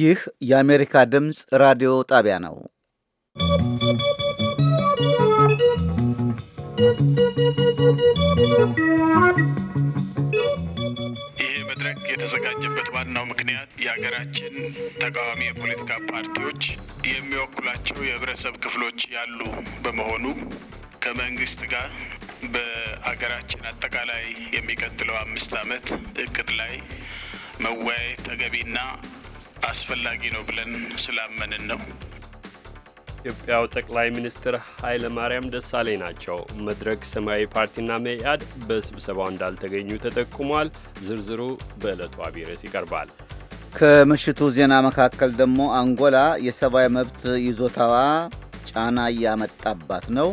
ይህ የአሜሪካ ድምፅ ራዲዮ ጣቢያ ነው። የተዘጋጀበት ዋናው ምክንያት የሀገራችን ተቃዋሚ የፖለቲካ ፓርቲዎች የሚወክሏቸው የህብረተሰብ ክፍሎች ያሉ በመሆኑ ከመንግስት ጋር በሀገራችን አጠቃላይ የሚቀጥለው አምስት ዓመት እቅድ ላይ መወያየት ተገቢና አስፈላጊ ነው ብለን ስላመንን ነው። ኢትዮጵያው ጠቅላይ ሚኒስትር ኃይለ ማርያም ደሳለኝ ናቸው። መድረክ፣ ሰማያዊ ፓርቲና መኢአድ በስብሰባው እንዳልተገኙ ተጠቁሟል። ዝርዝሩ በዕለቱ አቢረስ ይቀርባል። ከምሽቱ ዜና መካከል ደግሞ አንጎላ የሰብአዊ መብት ይዞታዋ ጫና እያመጣባት ነው።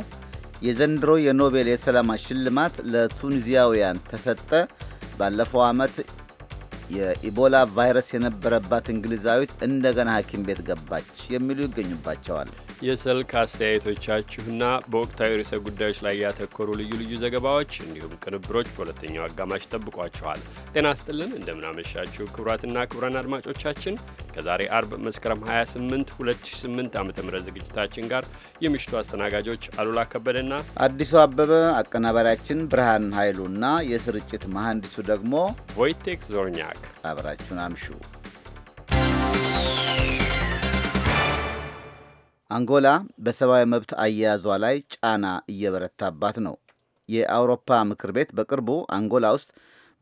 የዘንድሮ የኖቤል የሰላም ሽልማት ለቱኒዚያውያን ተሰጠ። ባለፈው ዓመት የኢቦላ ቫይረስ የነበረባት እንግሊዛዊት እንደገና ሐኪም ቤት ገባች የሚሉ ይገኙባቸዋል። የስልክ አስተያየቶቻችሁና በወቅታዊ ርዕሰ ጉዳዮች ላይ ያተኮሩ ልዩ ልዩ ዘገባዎች እንዲሁም ቅንብሮች በሁለተኛው አጋማሽ ጠብቋችኋል። ጤና ስጥልን እንደምናመሻችሁ ክቡራትና ክቡራን አድማጮቻችን ከዛሬ አርብ መስከረም 28 2008 ዓ ም ዝግጅታችን ጋር የምሽቱ አስተናጋጆች አሉላ ከበደና አዲሱ አበበ፣ አቀናባሪያችን ብርሃን ኃይሉና የስርጭት መሐንዲሱ ደግሞ ቮይቴክ ዞርኛክ አብራችሁን አምሹ። አንጎላ በሰብአዊ መብት አያያዟ ላይ ጫና እየበረታባት ነው። የአውሮፓ ምክር ቤት በቅርቡ አንጎላ ውስጥ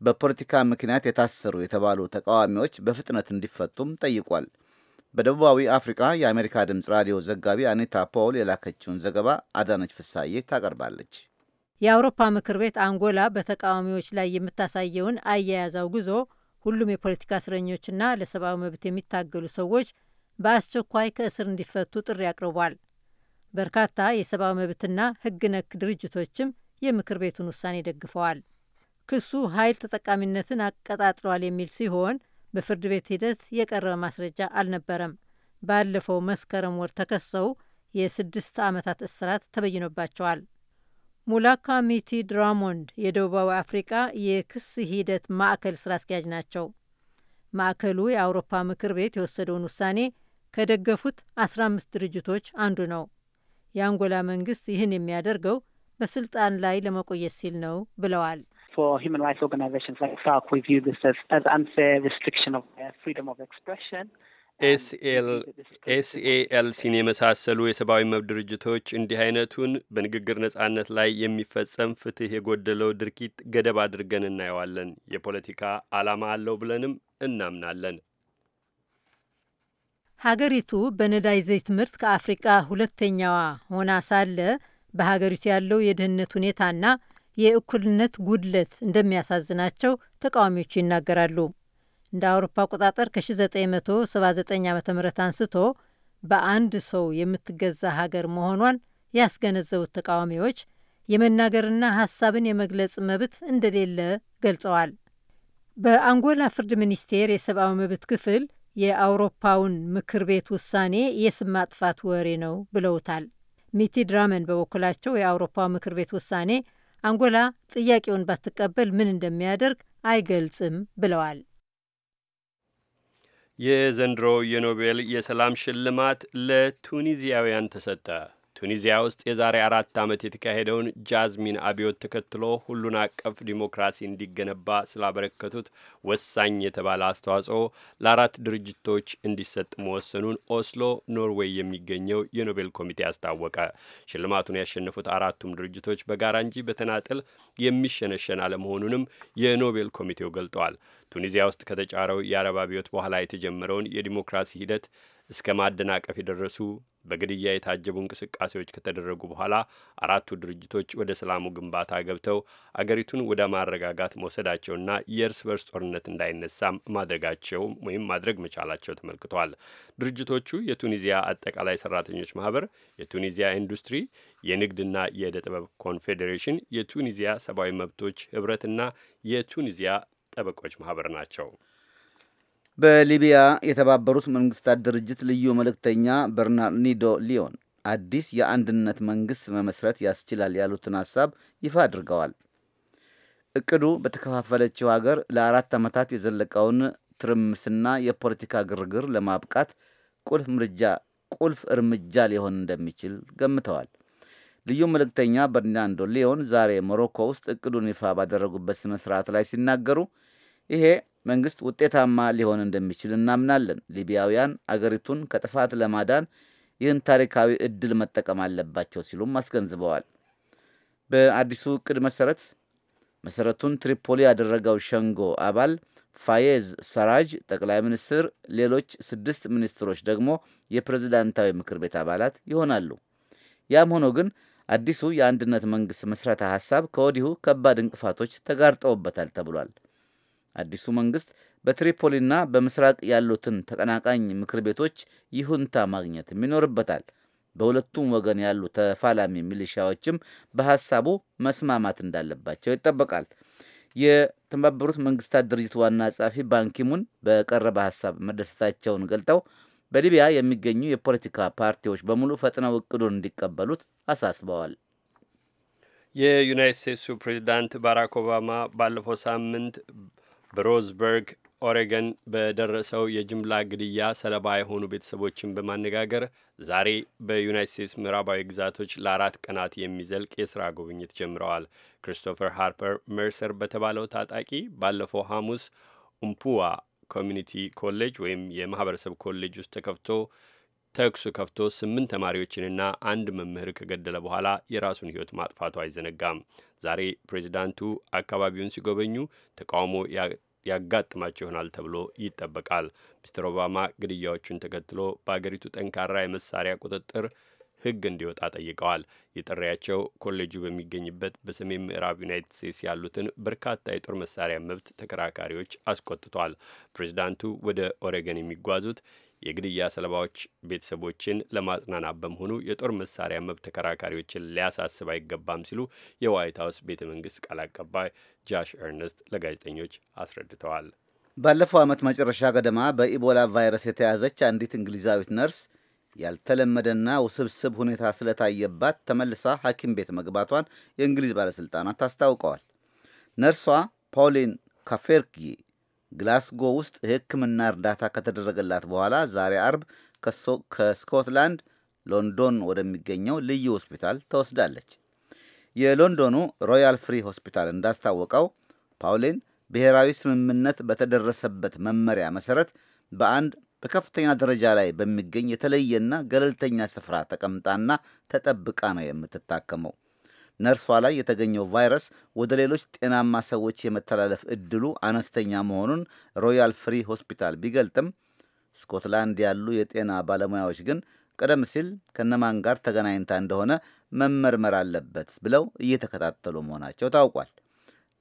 በፖለቲካ ምክንያት የታሰሩ የተባሉ ተቃዋሚዎች በፍጥነት እንዲፈቱም ጠይቋል። በደቡባዊ አፍሪካ የአሜሪካ ድምፅ ራዲዮ ዘጋቢ አኒታ ፖል የላከችውን ዘገባ አዳነች ፍሳዬ ታቀርባለች። የአውሮፓ ምክር ቤት አንጎላ በተቃዋሚዎች ላይ የምታሳየውን አያያዛው ጉዞ ሁሉም የፖለቲካ እስረኞችና ለሰብአዊ መብት የሚታገሉ ሰዎች በአስቸኳይ ከእስር እንዲፈቱ ጥሪ አቅርቧል። በርካታ የሰብአዊ መብትና ሕግ ነክ ድርጅቶችም የምክር ቤቱን ውሳኔ ደግፈዋል። ክሱ ኃይል ተጠቃሚነትን አቀጣጥሏል የሚል ሲሆን በፍርድ ቤት ሂደት የቀረበ ማስረጃ አልነበረም። ባለፈው መስከረም ወር ተከሰው የስድስት ዓመታት እስራት ተበይኖባቸዋል። ሙላካ ሚቲ ድራሞንድ የደቡባዊ አፍሪቃ የክስ ሂደት ማዕከል ስራ አስኪያጅ ናቸው። ማዕከሉ የአውሮፓ ምክር ቤት የወሰደውን ውሳኔ ከደገፉት 15 ድርጅቶች አንዱ ነው። የአንጎላ መንግስት ይህን የሚያደርገው በስልጣን ላይ ለመቆየት ሲል ነው ብለዋል። ኤስኤኤልሲን uh, የመሳሰሉ የሰብአዊ መብት ድርጅቶች እንዲህ አይነቱን በንግግር ነጻነት ላይ የሚፈጸም ፍትህ የጎደለው ድርጊት ገደብ አድርገን እናየዋለን። የፖለቲካ ዓላማ አለው ብለንም እናምናለን። ሀገሪቱ በነዳጅ ዘይት ምርት ከአፍሪቃ ሁለተኛዋ ሆና ሳለ በሀገሪቱ ያለው የድህነት ሁኔታና የእኩልነት ጉድለት እንደሚያሳዝናቸው ተቃዋሚዎቹ ይናገራሉ። እንደ አውሮፓ አቆጣጠር ከ1979 ዓ ም አንስቶ በአንድ ሰው የምትገዛ ሀገር መሆኗን ያስገነዘቡት ተቃዋሚዎች የመናገርና ሀሳብን የመግለጽ መብት እንደሌለ ገልጸዋል። በአንጎላ ፍርድ ሚኒስቴር የሰብአዊ መብት ክፍል የአውሮፓውን ምክር ቤት ውሳኔ የስም ማጥፋት ወሬ ነው ብለውታል። ሚቲ ድራመን በበኩላቸው የአውሮፓው ምክር ቤት ውሳኔ አንጎላ ጥያቄውን ባትቀበል ምን እንደሚያደርግ አይገልጽም ብለዋል። የዘንድሮ የኖቤል የሰላም ሽልማት ለቱኒዚያውያን ተሰጠ። ቱኒዚያ ውስጥ የዛሬ አራት ዓመት የተካሄደውን ጃዝሚን አብዮት ተከትሎ ሁሉን አቀፍ ዲሞክራሲ እንዲገነባ ስላበረከቱት ወሳኝ የተባለ አስተዋጽኦ ለአራት ድርጅቶች እንዲሰጥ መወሰኑን ኦስሎ ኖርዌይ የሚገኘው የኖቤል ኮሚቴ አስታወቀ። ሽልማቱን ያሸነፉት አራቱም ድርጅቶች በጋራ እንጂ በተናጥል የሚሸነሸን አለመሆኑንም የኖቤል ኮሚቴው ገልጧል። ቱኒዚያ ውስጥ ከተጫረው የአረብ አብዮት በኋላ የተጀመረውን የዲሞክራሲ ሂደት እስከ ማደናቀፍ የደረሱ በግድያ የታጀቡ እንቅስቃሴዎች ከተደረጉ በኋላ አራቱ ድርጅቶች ወደ ሰላሙ ግንባታ ገብተው አገሪቱን ወደ ማረጋጋት መውሰዳቸውና የእርስ በርስ ጦርነት እንዳይነሳም ማድረጋቸው ወይም ማድረግ መቻላቸው ተመልክቷል። ድርጅቶቹ የቱኒዚያ አጠቃላይ ሰራተኞች ማህበር፣ የቱኒዚያ ኢንዱስትሪ፣ የንግድና የእደ ጥበብ ኮንፌዴሬሽን፣ የቱኒዚያ ሰብአዊ መብቶች ህብረትና የቱኒዚያ ጠበቆች ማህበር ናቸው። በሊቢያ የተባበሩት መንግስታት ድርጅት ልዩ መልእክተኛ በርናርዲኖ ሊዮን አዲስ የአንድነት መንግስት መመስረት ያስችላል ያሉትን ሀሳብ ይፋ አድርገዋል። እቅዱ በተከፋፈለችው ሀገር ለአራት ዓመታት የዘለቀውን ትርምስና የፖለቲካ ግርግር ለማብቃት ቁልፍ ምርጃ ቁልፍ እርምጃ ሊሆን እንደሚችል ገምተዋል። ልዩ መልእክተኛ በርናንዶ ሊዮን ዛሬ ሞሮኮ ውስጥ እቅዱን ይፋ ባደረጉበት ስነ ስርዓት ላይ ሲናገሩ ይሄ መንግስት ውጤታማ ሊሆን እንደሚችል እናምናለን። ሊቢያውያን አገሪቱን ከጥፋት ለማዳን ይህን ታሪካዊ እድል መጠቀም አለባቸው ሲሉም አስገንዝበዋል። በአዲሱ እቅድ መሰረት መሰረቱን ትሪፖሊ ያደረገው ሸንጎ አባል ፋየዝ ሰራጅ ጠቅላይ ሚኒስትር፣ ሌሎች ስድስት ሚኒስትሮች ደግሞ የፕሬዝዳንታዊ ምክር ቤት አባላት ይሆናሉ። ያም ሆኖ ግን አዲሱ የአንድነት መንግስት ምስረታ ሀሳብ ከወዲሁ ከባድ እንቅፋቶች ተጋርጠውበታል ተብሏል። አዲሱ መንግስት በትሪፖሊና በምስራቅ ያሉትን ተቀናቃኝ ምክር ቤቶች ይሁንታ ማግኘትም ይኖርበታል። በሁለቱም ወገን ያሉ ተፋላሚ ሚሊሻዎችም በሐሳቡ መስማማት እንዳለባቸው ይጠበቃል። የተባበሩት መንግስታት ድርጅት ዋና ጸሐፊ ባንኪሙን በቀረበ ሐሳብ መደሰታቸውን ገልጠው በሊቢያ የሚገኙ የፖለቲካ ፓርቲዎች በሙሉ ፈጥነው እቅዱን እንዲቀበሉት አሳስበዋል። የዩናይት ስቴትሱ ፕሬዚዳንት ባራክ ኦባማ ባለፈው ሳምንት በሮዝበርግ ኦሬገን በደረሰው የጅምላ ግድያ ሰለባ የሆኑ ቤተሰቦችን በማነጋገር ዛሬ በዩናይት ስቴትስ ምዕራባዊ ግዛቶች ለአራት ቀናት የሚዘልቅ የሥራ ጉብኝት ጀምረዋል። ክሪስቶፈር ሃርፐር መርሰር በተባለው ታጣቂ ባለፈው ሐሙስ ኡምፑዋ ኮሚኒቲ ኮሌጅ ወይም የማህበረሰብ ኮሌጅ ውስጥ ተከፍቶ ተኩሱ ከፍቶ ስምንት ተማሪዎችንና አንድ መምህር ከገደለ በኋላ የራሱን ሕይወት ማጥፋቱ አይዘነጋም። ዛሬ ፕሬዚዳንቱ አካባቢውን ሲጎበኙ ተቃውሞ ያጋጥማቸው ይሆናል ተብሎ ይጠበቃል። ሚስተር ኦባማ ግድያዎቹን ተከትሎ በአገሪቱ ጠንካራ የመሳሪያ ቁጥጥር ሕግ እንዲወጣ ጠይቀዋል። የጥሪያቸው ኮሌጁ በሚገኝበት በሰሜን ምዕራብ ዩናይትድ ስቴትስ ያሉትን በርካታ የጦር መሳሪያ መብት ተከራካሪዎች አስቆጥቷል። ፕሬዚዳንቱ ወደ ኦሬገን የሚጓዙት የግድያ ሰለባዎች ቤተሰቦችን ለማጽናናት በመሆኑ የጦር መሳሪያ መብት ተከራካሪዎችን ሊያሳስብ አይገባም ሲሉ የዋይት ሀውስ ቤተ መንግስት ቃል አቀባይ ጃሽ ኤርነስት ለጋዜጠኞች አስረድተዋል። ባለፈው ዓመት መጨረሻ ገደማ በኢቦላ ቫይረስ የተያዘች አንዲት እንግሊዛዊት ነርስ ያልተለመደና ውስብስብ ሁኔታ ስለታየባት ተመልሳ ሐኪም ቤት መግባቷን የእንግሊዝ ባለሥልጣናት አስታውቀዋል። ነርሷ ፓውሊን ካፌርጊ ግላስጎ ውስጥ የሕክምና እርዳታ ከተደረገላት በኋላ ዛሬ አርብ ከስኮትላንድ ሎንዶን ወደሚገኘው ልዩ ሆስፒታል ተወስዳለች። የሎንዶኑ ሮያል ፍሪ ሆስፒታል እንዳስታወቀው ፓውሊን ብሔራዊ ስምምነት በተደረሰበት መመሪያ መሰረት በአንድ በከፍተኛ ደረጃ ላይ በሚገኝ የተለየና ገለልተኛ ስፍራ ተቀምጣና ተጠብቃ ነው የምትታከመው። ነርሷ ላይ የተገኘው ቫይረስ ወደ ሌሎች ጤናማ ሰዎች የመተላለፍ እድሉ አነስተኛ መሆኑን ሮያል ፍሪ ሆስፒታል ቢገልጥም ስኮትላንድ ያሉ የጤና ባለሙያዎች ግን ቀደም ሲል ከነማን ጋር ተገናኝታ እንደሆነ መመርመር አለበት ብለው እየተከታተሉ መሆናቸው ታውቋል።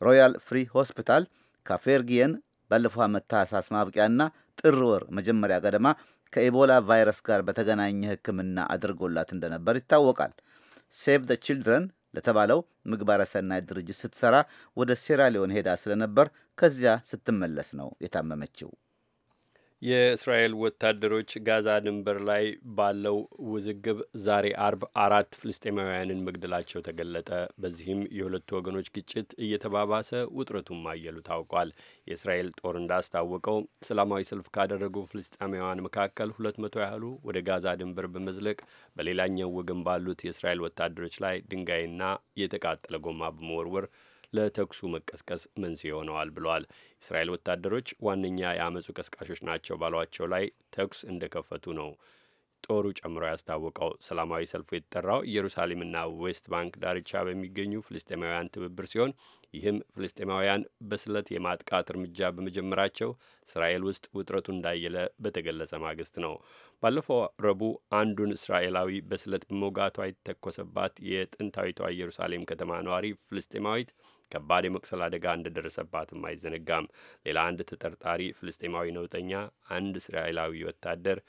ሮያል ፍሪ ሆስፒታል ካፌርጊየን ባለፈው ዓመት ታህሳስ ማብቂያና ጥር ወር መጀመሪያ ገደማ ከኢቦላ ቫይረስ ጋር በተገናኘ ሕክምና አድርጎላት እንደነበር ይታወቃል። ሴቭ ዘ ቺልድረን ለተባለው ምግባረ ሰናይ ድርጅት ስትሰራ ወደ ሴራሊዮን ሄዳ ስለነበር ከዚያ ስትመለስ ነው የታመመችው። የእስራኤል ወታደሮች ጋዛ ድንበር ላይ ባለው ውዝግብ ዛሬ አርብ አራት ፍልስጤማውያንን መግደላቸው ተገለጠ። በዚህም የሁለቱ ወገኖች ግጭት እየተባባሰ ውጥረቱም ማየሉ ታውቋል። የእስራኤል ጦር እንዳስታወቀው ሰላማዊ ሰልፍ ካደረጉ ፍልስጤማውያን መካከል ሁለት መቶ ያህሉ ወደ ጋዛ ድንበር በመዝለቅ በሌላኛው ወገን ባሉት የእስራኤል ወታደሮች ላይ ድንጋይና የተቃጠለ ጎማ በመወርወር ለተኩሱ መቀስቀስ መንስኤ ሆነዋል ብለዋል። የእስራኤል ወታደሮች ዋነኛ የአመፁ ቀስቃሾች ናቸው ባሏቸው ላይ ተኩስ እንደከፈቱ ነው ጦሩ ጨምሮ ያስታወቀው ሰላማዊ ሰልፉ የተጠራው ኢየሩሳሌምና ዌስት ባንክ ዳርቻ በሚገኙ ፍልስጤማውያን ትብብር ሲሆን ይህም ፍልስጤማውያን በስለት የማጥቃት እርምጃ በመጀመራቸው እስራኤል ውስጥ ውጥረቱ እንዳየለ በተገለጸ ማግስት ነው። ባለፈው ረቡዕ አንዱን እስራኤላዊ በስለት በመውጋቷ የተተኮሰባት የጥንታዊቷ ኢየሩሳሌም ከተማ ነዋሪ ፍልስጤማዊት ከባድ የመቁሰል አደጋ እንደደረሰባትም አይዘነጋም። ሌላ አንድ ተጠርጣሪ ፍልስጤማዊ ነውጠኛ አንድ እስራኤላዊ ወታደር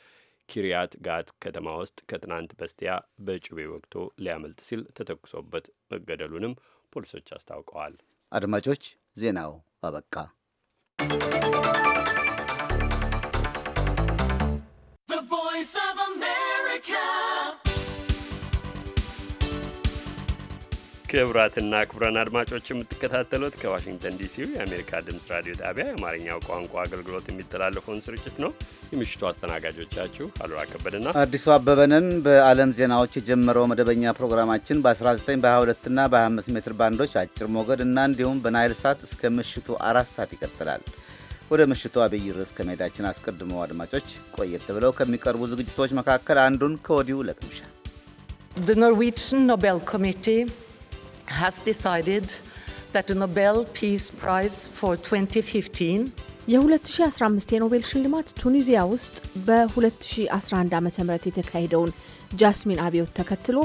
ኪሪያት ጋት ከተማ ውስጥ ከትናንት በስቲያ በጩቤ ወግቶ ሊያመልጥ ሲል ተተኩሶበት መገደሉንም ፖሊሶች አስታውቀዋል። አድማጮች ዜናው አበቃ። ክቡራትና ክቡራን አድማጮች የምትከታተሉት ከዋሽንግተን ዲሲ የአሜሪካ ድምፅ ራዲዮ ጣቢያ የአማርኛው ቋንቋ አገልግሎት የሚተላለፈውን ስርጭት ነው። የምሽቱ አስተናጋጆቻችሁ አሉላ ከበደና አዲሱ አበበንን በዓለም ዜናዎች የጀመረው መደበኛ ፕሮግራማችን በ19 በ22ና በ25 ሜትር ባንዶች አጭር ሞገድ እና እንዲሁም በናይል ሳት እስከ ምሽቱ አራት ሰዓት ይቀጥላል። ወደ ምሽቱ አብይ ርዕስ ከመሄዳችን አስቀድሞ አድማጮች ቆየት ብለው ከሚቀርቡ ዝግጅቶች መካከል አንዱን ከወዲሁ ለቅምሻ The Norwegian Nobel Committee has decided that the Nobel Peace Prize for 2015 የ2015 የኖቤል ሽልማት ቱኒዚያ ውስጥ በ2011 ዓ ም የተካሄደውን ጃስሚን አብዮት ተከትሎ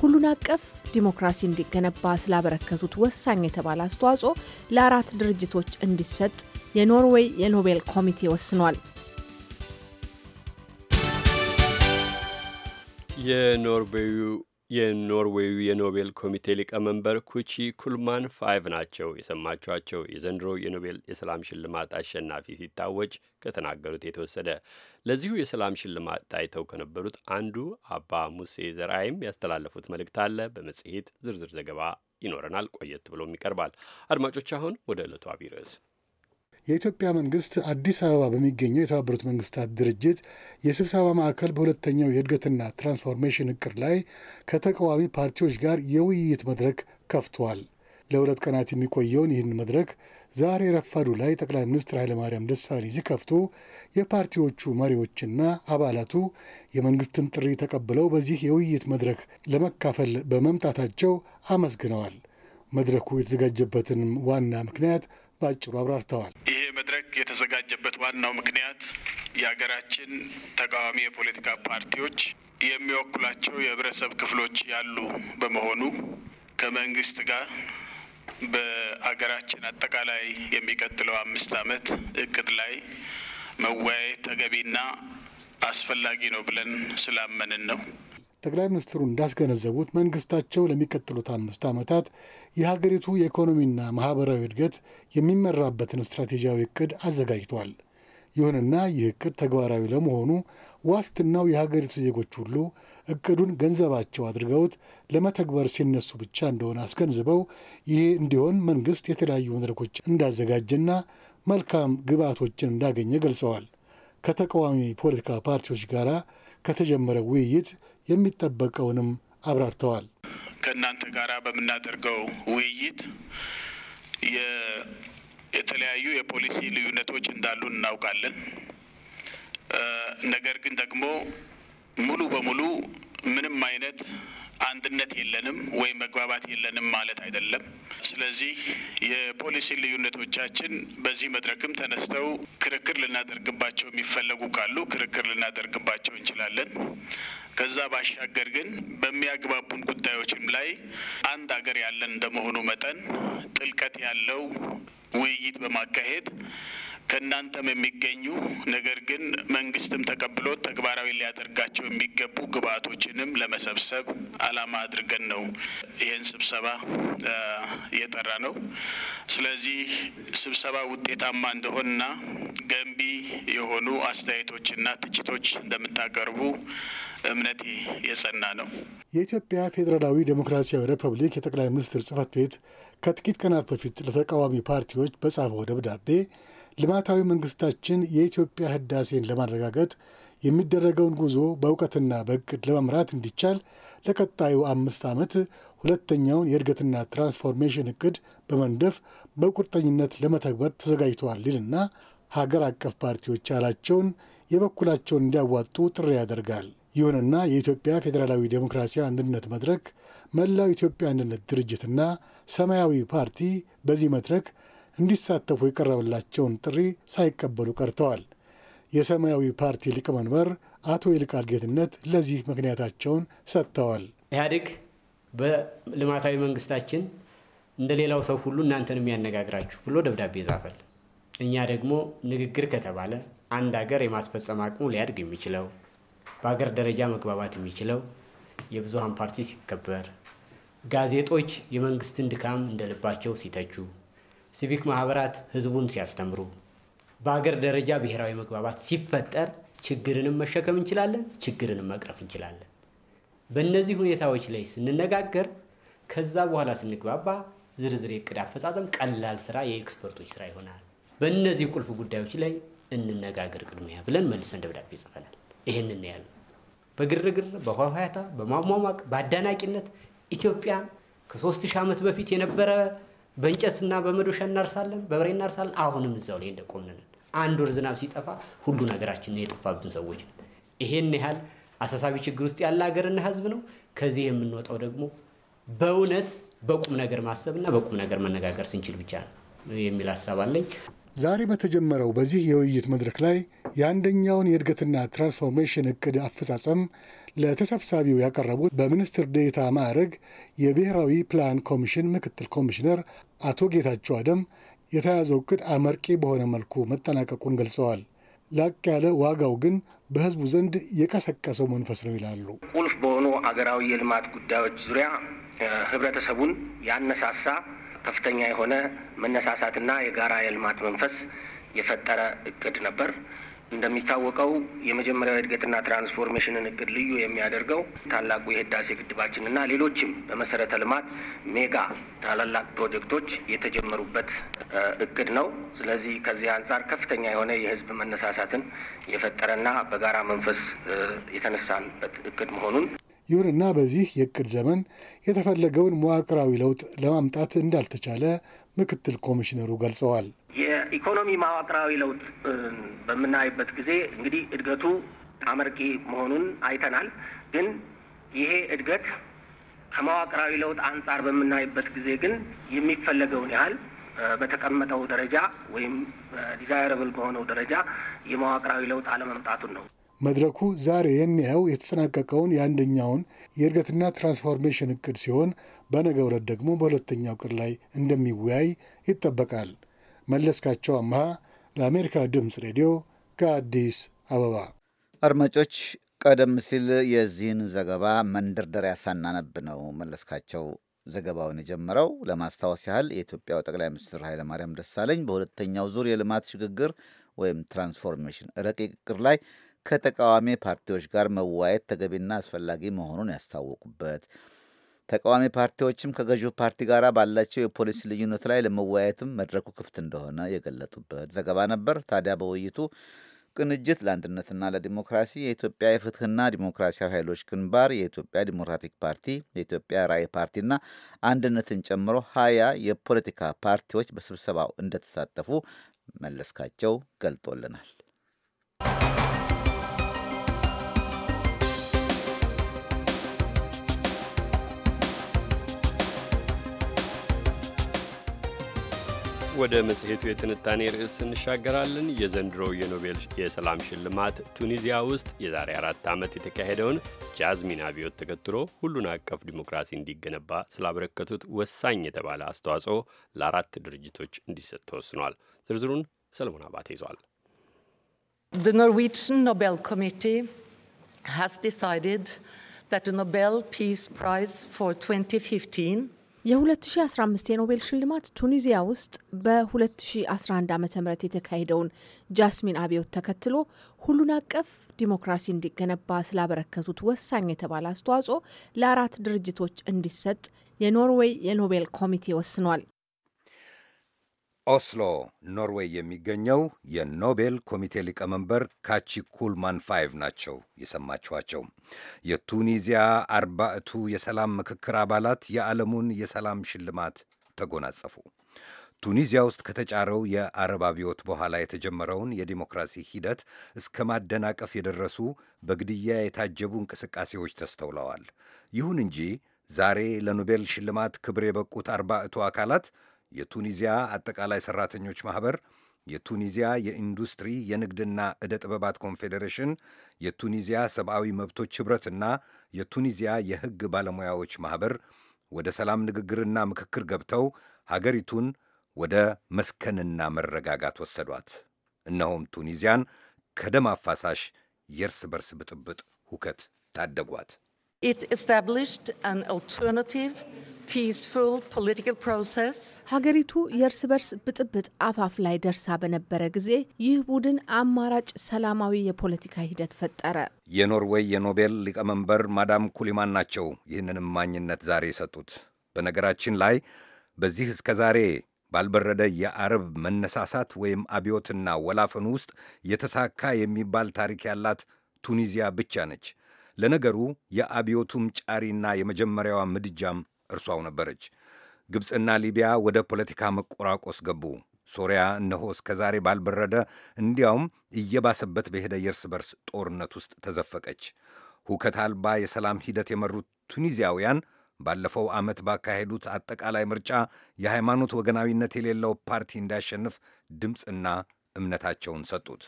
ሁሉን አቀፍ ዲሞክራሲ እንዲገነባ ስላበረከቱት ወሳኝ የተባለ አስተዋጽኦ ለአራት ድርጅቶች እንዲሰጥ የኖርዌይ የኖቤል ኮሚቴ ወስኗል። የኖርዌዩ የኖርዌዩ የኖቤል ኮሚቴ ሊቀመንበር ኩቺ ኩልማን ፋይቭ ናቸው የሰማችኋቸው። የዘንድሮ የኖቤል የሰላም ሽልማት አሸናፊ ሲታወጅ ከተናገሩት የተወሰደ። ለዚሁ የሰላም ሽልማት ታይተው ከነበሩት አንዱ አባ ሙሴ ዘርአይም ያስተላለፉት መልእክት አለ። በመጽሔት ዝርዝር ዘገባ ይኖረናል። ቆየት ብሎም ይቀርባል። አድማጮች፣ አሁን ወደ ዕለቱ አብይ ርዕስ የኢትዮጵያ መንግስት አዲስ አበባ በሚገኘው የተባበሩት መንግስታት ድርጅት የስብሰባ ማዕከል በሁለተኛው የእድገትና ትራንስፎርሜሽን እቅድ ላይ ከተቃዋሚ ፓርቲዎች ጋር የውይይት መድረክ ከፍቷል። ለሁለት ቀናት የሚቆየውን ይህን መድረክ ዛሬ ረፋዱ ላይ ጠቅላይ ሚኒስትር ኃይለማርያም ደሳለኝ ሲከፍቱ የፓርቲዎቹ መሪዎችና አባላቱ የመንግስትን ጥሪ ተቀብለው በዚህ የውይይት መድረክ ለመካፈል በመምጣታቸው አመስግነዋል። መድረኩ የተዘጋጀበትንም ዋና ምክንያት በአጭሩ አብራርተዋል። ይሄ መድረክ የተዘጋጀበት ዋናው ምክንያት የሀገራችን ተቃዋሚ የፖለቲካ ፓርቲዎች የሚወክሏቸው የህብረተሰብ ክፍሎች ያሉ በመሆኑ ከመንግስት ጋር በሀገራችን አጠቃላይ የሚቀጥለው አምስት ዓመት እቅድ ላይ መወያየት ተገቢና አስፈላጊ ነው ብለን ስላመንን ነው። ጠቅላይ ሚኒስትሩ እንዳስገነዘቡት መንግስታቸው ለሚቀጥሉት አምስት ዓመታት የሀገሪቱ የኢኮኖሚና ማህበራዊ እድገት የሚመራበትን ስትራቴጂያዊ እቅድ አዘጋጅቷል። ይሁንና ይህ እቅድ ተግባራዊ ለመሆኑ ዋስትናው የሀገሪቱ ዜጎች ሁሉ እቅዱን ገንዘባቸው አድርገውት ለመተግበር ሲነሱ ብቻ እንደሆነ አስገንዝበው ይህ እንዲሆን መንግስት የተለያዩ መድረኮች እንዳዘጋጀና መልካም ግብዓቶችን እንዳገኘ ገልጸዋል። ከተቃዋሚ ፖለቲካ ፓርቲዎች ጋር ከተጀመረ ውይይት የሚጠበቀውንም አብራርተዋል። ከእናንተ ጋራ በምናደርገው ውይይት የተለያዩ የፖሊሲ ልዩነቶች እንዳሉ እናውቃለን። ነገር ግን ደግሞ ሙሉ በሙሉ ምንም አይነት አንድነት የለንም ወይም መግባባት የለንም ማለት አይደለም። ስለዚህ የፖሊሲ ልዩነቶቻችን በዚህ መድረክም ተነስተው ክርክር ልናደርግባቸው የሚፈለጉ ካሉ ክርክር ልናደርግባቸው እንችላለን። ከዛ ባሻገር ግን በሚያግባቡን ጉዳዮችም ላይ አንድ አገር ያለን እንደመሆኑ መጠን ጥልቀት ያለው ውይይት በማካሄድ ከእናንተም የሚገኙ ነገር ግን መንግስትም ተቀብሎ ተግባራዊ ሊያደርጋቸው የሚገቡ ግብአቶችንም ለመሰብሰብ አላማ አድርገን ነው ይህን ስብሰባ የጠራ ነው። ስለዚህ ስብሰባ ውጤታማ እንደሆንና ገንቢ የሆኑ አስተያየቶችና ትችቶች እንደምታቀርቡ እምነት የጸና ነው። የኢትዮጵያ ፌዴራላዊ ዴሞክራሲያዊ ሪፐብሊክ የጠቅላይ ሚኒስትር ጽህፈት ቤት ከጥቂት ቀናት በፊት ለተቃዋሚ ፓርቲዎች በጻፈው ደብዳቤ ልማታዊ መንግስታችን የኢትዮጵያ ህዳሴን ለማረጋገጥ የሚደረገውን ጉዞ በእውቀትና በእቅድ ለመምራት እንዲቻል ለቀጣዩ አምስት ዓመት ሁለተኛውን የእድገትና ትራንስፎርሜሽን እቅድ በመንደፍ በቁርጠኝነት ለመተግበር ተዘጋጅተዋል ይልና ሀገር አቀፍ ፓርቲዎች ያላቸውን የበኩላቸውን እንዲያዋጡ ጥሪ ያደርጋል። ይሁንና የኢትዮጵያ ፌዴራላዊ ዴሞክራሲያዊ አንድነት መድረክ፣ መላው ኢትዮጵያ አንድነት ድርጅትና ሰማያዊ ፓርቲ በዚህ መድረክ እንዲሳተፉ የቀረበላቸውን ጥሪ ሳይቀበሉ ቀርተዋል። የሰማያዊ ፓርቲ ሊቀመንበር አቶ ይልቃል ጌትነት ለዚህ ምክንያታቸውን ሰጥተዋል። ኢህአዴግ በልማታዊ መንግስታችን እንደ ሌላው ሰው ሁሉ እናንተን የሚያነጋግራችሁ ብሎ ደብዳቤ ጻፈል። እኛ ደግሞ ንግግር ከተባለ አንድ ሀገር የማስፈጸም አቅሙ ሊያድግ የሚችለው በሀገር ደረጃ መግባባት የሚችለው የብዙሀን ፓርቲ ሲከበር፣ ጋዜጦች የመንግስትን ድካም እንደልባቸው ሲተቹ ሲቪክ ማህበራት ህዝቡን ሲያስተምሩ፣ በሀገር ደረጃ ብሔራዊ መግባባት ሲፈጠር ችግርንም መሸከም እንችላለን፣ ችግርንም መቅረፍ እንችላለን። በእነዚህ ሁኔታዎች ላይ ስንነጋገር ከዛ በኋላ ስንግባባ ዝርዝር የእቅድ አፈጻጸም ቀላል ስራ የኤክስፐርቶች ስራ ይሆናል። በእነዚህ ቁልፍ ጉዳዮች ላይ እንነጋገር ቅድሚያ ብለን መልሰን ደብዳቤ ጽፈናል። ይህንን ያል በግርግር በኋኋታ በማሟሟቅ በአዳናቂነት ኢትዮጵያ ከሶስት ሺህ ዓመት በፊት የነበረ በእንጨትና በመዶሻ እናርሳለን፣ በበሬ እናርሳለን። አሁንም እዛው ላይ እንደቆምንን አንድ ወር ዝናብ ሲጠፋ ሁሉ ነገራችን የጠፋብን ሰዎች ነን። ይሄን ያህል አሳሳቢ ችግር ውስጥ ያለ ሀገርና ህዝብ ነው። ከዚህ የምንወጣው ደግሞ በእውነት በቁም ነገር ማሰብና በቁም ነገር መነጋገር ስንችል ብቻ ነው የሚል ሀሳብ አለኝ። ዛሬ በተጀመረው በዚህ የውይይት መድረክ ላይ የአንደኛውን የእድገትና ትራንስፎርሜሽን እቅድ አፈጻጸም ለተሰብሳቢው ያቀረቡት በሚኒስትር ዴታ ማዕረግ የብሔራዊ ፕላን ኮሚሽን ምክትል ኮሚሽነር አቶ ጌታቸው አደም የተያዘው እቅድ አመርቂ በሆነ መልኩ መጠናቀቁን ገልጸዋል። ላቅ ያለ ዋጋው ግን በህዝቡ ዘንድ የቀሰቀሰው መንፈስ ነው ይላሉ። ቁልፍ በሆኑ አገራዊ የልማት ጉዳዮች ዙሪያ ህብረተሰቡን ያነሳሳ ከፍተኛ የሆነ መነሳሳትና የጋራ የልማት መንፈስ የፈጠረ እቅድ ነበር። እንደሚታወቀው የመጀመሪያው እድገትና ትራንስፎርሜሽንን እቅድ ልዩ የሚያደርገው ታላቁ የህዳሴ ግድባችንና ሌሎችም በመሰረተ ልማት ሜጋ ታላላቅ ፕሮጀክቶች የተጀመሩበት እቅድ ነው። ስለዚህ ከዚህ አንጻር ከፍተኛ የሆነ የህዝብ መነሳሳትን የፈጠረና በጋራ መንፈስ የተነሳንበት እቅድ መሆኑን ይሁንና በዚህ የእቅድ ዘመን የተፈለገውን መዋቅራዊ ለውጥ ለማምጣት እንዳልተቻለ ምክትል ኮሚሽነሩ ገልጸዋል። የኢኮኖሚ ማዋቅራዊ ለውጥ በምናይበት ጊዜ እንግዲህ እድገቱ አመርቂ መሆኑን አይተናል። ግን ይሄ እድገት ከመዋቅራዊ ለውጥ አንጻር በምናይበት ጊዜ ግን የሚፈለገውን ያህል በተቀመጠው ደረጃ ወይም ዲዛይረብል በሆነው ደረጃ የመዋቅራዊ ለውጥ አለመምጣቱን ነው። መድረኩ ዛሬ የሚያየው የተጠናቀቀውን የአንደኛውን የእድገትና ትራንስፎርሜሽን እቅድ ሲሆን በነገ ውረት ደግሞ በሁለተኛው እቅድ ላይ እንደሚወያይ ይጠበቃል። መለስካቸው አምሃ ለአሜሪካ ድምፅ ሬዲዮ ከአዲስ አበባ። አድማጮች፣ ቀደም ሲል የዚህን ዘገባ መንደርደሪያ ሳናነብ ነው መለስካቸው ዘገባውን የጀመረው። ለማስታወስ ያህል የኢትዮጵያው ጠቅላይ ሚኒስትር ኃይለማርያም ደሳለኝ በሁለተኛው ዙር የልማት ሽግግር ወይም ትራንስፎርሜሽን ረቂቅ እቅድ ላይ ከተቃዋሚ ፓርቲዎች ጋር መዋየት ተገቢና አስፈላጊ መሆኑን ያስታወቁበት ተቃዋሚ ፓርቲዎችም ከገዢው ፓርቲ ጋር ባላቸው የፖሊሲ ልዩነት ላይ ለመወያየትም መድረኩ ክፍት እንደሆነ የገለጡበት ዘገባ ነበር። ታዲያ በውይይቱ ቅንጅት ለአንድነትና ለዲሞክራሲ፣ የኢትዮጵያ የፍትህና ዲሞክራሲያዊ ኃይሎች ግንባር፣ የኢትዮጵያ ዲሞክራቲክ ፓርቲ፣ የኢትዮጵያ ራዕይ ፓርቲና አንድነትን ጨምሮ ሀያ የፖለቲካ ፓርቲዎች በስብሰባው እንደተሳተፉ መለስካቸው ገልጦልናል። ወደ መጽሔቱ የትንታኔ ርዕስ እንሻገራለን። የዘንድሮው የኖቤል የሰላም ሽልማት ቱኒዚያ ውስጥ የዛሬ አራት ዓመት የተካሄደውን ጃዝሚን አብዮት ተከትሎ ሁሉን አቀፍ ዲሞክራሲ እንዲገነባ ስላበረከቱት ወሳኝ የተባለ አስተዋጽኦ ለአራት ድርጅቶች እንዲሰጥ ተወስኗል። ዝርዝሩን ሰለሞን አባተ ይዟል። The Norwegian Nobel Committee has decided that the Nobel Peace Prize for 2015 የ2015 የኖቤል ሽልማት ቱኒዚያ ውስጥ በ2011 ዓ ም የተካሄደውን ጃስሚን አብዮት ተከትሎ ሁሉን አቀፍ ዲሞክራሲ እንዲገነባ ስላበረከቱት ወሳኝ የተባለ አስተዋጽኦ ለአራት ድርጅቶች እንዲሰጥ የኖርዌይ የኖቤል ኮሚቴ ወስኗል። ኦስሎ ኖርዌይ የሚገኘው የኖቤል ኮሚቴ ሊቀመንበር ካቺ ኩልማን ፋይቭ ናቸው የሰማችኋቸው። የቱኒዚያ አርባዕቱ የሰላም ምክክር አባላት የዓለሙን የሰላም ሽልማት ተጎናጸፉ። ቱኒዚያ ውስጥ ከተጫረው የአረብ አብዮት በኋላ የተጀመረውን የዲሞክራሲ ሂደት እስከ ማደናቀፍ የደረሱ በግድያ የታጀቡ እንቅስቃሴዎች ተስተውለዋል። ይሁን እንጂ ዛሬ ለኖቤል ሽልማት ክብር የበቁት አርባዕቱ አካላት የቱኒዚያ አጠቃላይ ሠራተኞች ማኅበር፣ የቱኒዚያ የኢንዱስትሪ የንግድና ዕደ ጥበባት ኮንፌዴሬሽን፣ የቱኒዚያ ሰብአዊ መብቶች ኅብረትና የቱኒዚያ የሕግ ባለሙያዎች ማኅበር ወደ ሰላም ንግግርና ምክክር ገብተው ሀገሪቱን ወደ መስከንና መረጋጋት ወሰዷት። እነሆም ቱኒዚያን ከደም አፋሳሽ የእርስ በርስ ብጥብጥ ሁከት ታደጓት። ሀገሪቱ የእርስ በርስ ብጥብጥ አፋፍ ላይ ደርሳ በነበረ ጊዜ ይህ ቡድን አማራጭ ሰላማዊ የፖለቲካ ሂደት ፈጠረ። የኖርዌይ የኖቤል ሊቀመንበር ማዳም ኩሊማን ናቸው ይህንን እማኝነት ዛሬ የሰጡት። በነገራችን ላይ በዚህ እስከ ዛሬ ባልበረደ የአረብ መነሳሳት ወይም አብዮትና ወላፈን ውስጥ የተሳካ የሚባል ታሪክ ያላት ቱኒዚያ ብቻ ነች። ለነገሩ የአብዮቱም ጫሪና የመጀመሪያዋ ምድጃም እርሷው ነበረች። ግብፅና ሊቢያ ወደ ፖለቲካ መቆራቆስ ገቡ። ሶሪያ እነሆ እስከ ዛሬ ባልበረደ እንዲያውም እየባሰበት በሄደ የእርስ በርስ ጦርነት ውስጥ ተዘፈቀች። ሁከት አልባ የሰላም ሂደት የመሩት ቱኒዚያውያን ባለፈው ዓመት ባካሄዱት አጠቃላይ ምርጫ የሃይማኖት ወገናዊነት የሌለው ፓርቲ እንዳሸንፍ ድምፅና እምነታቸውን ሰጡት።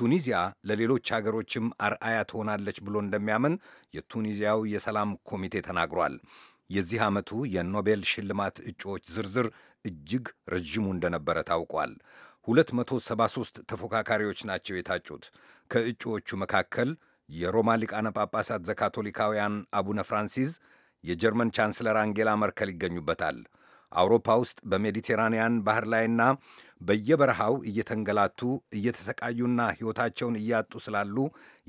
ቱኒዚያ ለሌሎች ሀገሮችም አርአያ ትሆናለች ብሎ እንደሚያምን የቱኒዚያው የሰላም ኮሚቴ ተናግሯል። የዚህ ዓመቱ የኖቤል ሽልማት እጩዎች ዝርዝር እጅግ ረዥሙ እንደነበረ ታውቋል። 273 ተፎካካሪዎች ናቸው የታጩት። ከእጩዎቹ መካከል የሮማ ሊቃነ ጳጳሳት ዘካቶሊካውያን አቡነ ፍራንሲስ፣ የጀርመን ቻንስለር አንጌላ መርከል ይገኙበታል። አውሮፓ ውስጥ በሜዲቴራንያን ባህር ላይና በየበረሃው እየተንገላቱ እየተሰቃዩና ሕይወታቸውን እያጡ ስላሉ